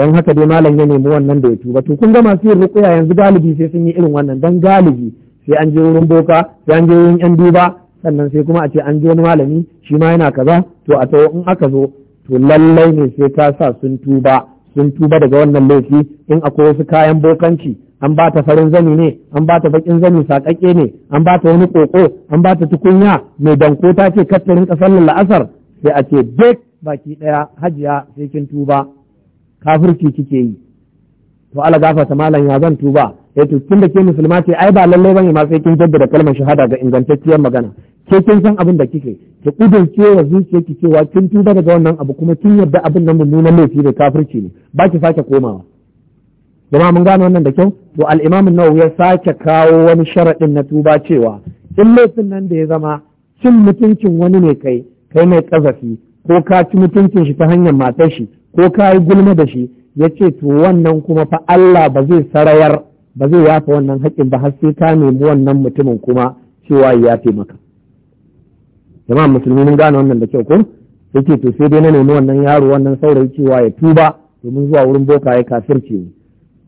dan haka dai malam ya nemi wannan da ya tuba to kun ga masu yin ruqya yanzu galibi sai sun yi irin wannan dan galibi sai an je wurin boka sai an je wurin yan duba sannan sai kuma a ce an je wani malami shi ma yana kaza to a tawo in aka zo to lallai ne sai ka sa sun tuba sun tuba daga wannan laifi in akwai wasu kayan bokanci an ba ta farin zani ne an ba ta bakin zani sakakke ne an ba ta wani koko an ba ta tukunya mai danko ta ce kattarin kasar la'asar sai a ce duk baki ɗaya hajiya sai kin tuba kafirci kike yi to ala gafarta malam ya zan tuba eh to kin da ke musulma ce ai ba lallai ba bane ma sai kin jaddada kalmar shahada ga ingantacciyar magana ke kin san abin da kike ki kudurce wa ki cewa kin tuba daga wannan abu kuma kin yarda abin nan mummunan laifi da kafirci ne ba ki sake komawa Zama mun gano wannan da kyau to al'imamin nawa ya sake kawo wani sharadin na tuba cewa in laifin nan da ya zama cin mutuncin wani ne kai kai mai kazafi ko ka ci mutuncin shi ta hanyar matar shi ko ka yi gulma da shi ya ce to wannan kuma fa Allah ba zai sarayar ba zai yafa wannan haƙƙin ba har sai ka nemi wannan mutumin kuma cewa ya taimaka jama'a musulmi mun gane wannan da kyau ko yake to sai dai na nemi wannan yaro wannan saurayi cewa ya tuba domin zuwa wurin boka ya kafirce ne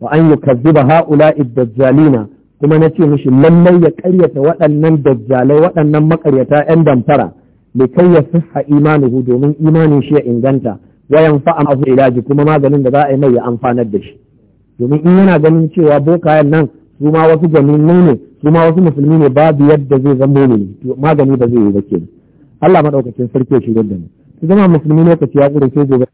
wa an yukazziba ha'ula'i dajjalina kuma na ce mishi lallai ya karyata waɗannan dajjalai waɗannan makaryata 'yan damfara da kai ya sihha imanuhu domin imanin shi ya inganta wayan fa'a mahu ilaji kuma maganin da za a yi mai ya amfanar da shi domin in yana ganin cewa bokayen nan su ma wasu ne su ma wasu musulmi ne babu yadda zai zama ne magani ba zai yi ba kenan Allah madaukakin sarki ya shigar da mu zama musulmi lokaci ya ƙure sai gobe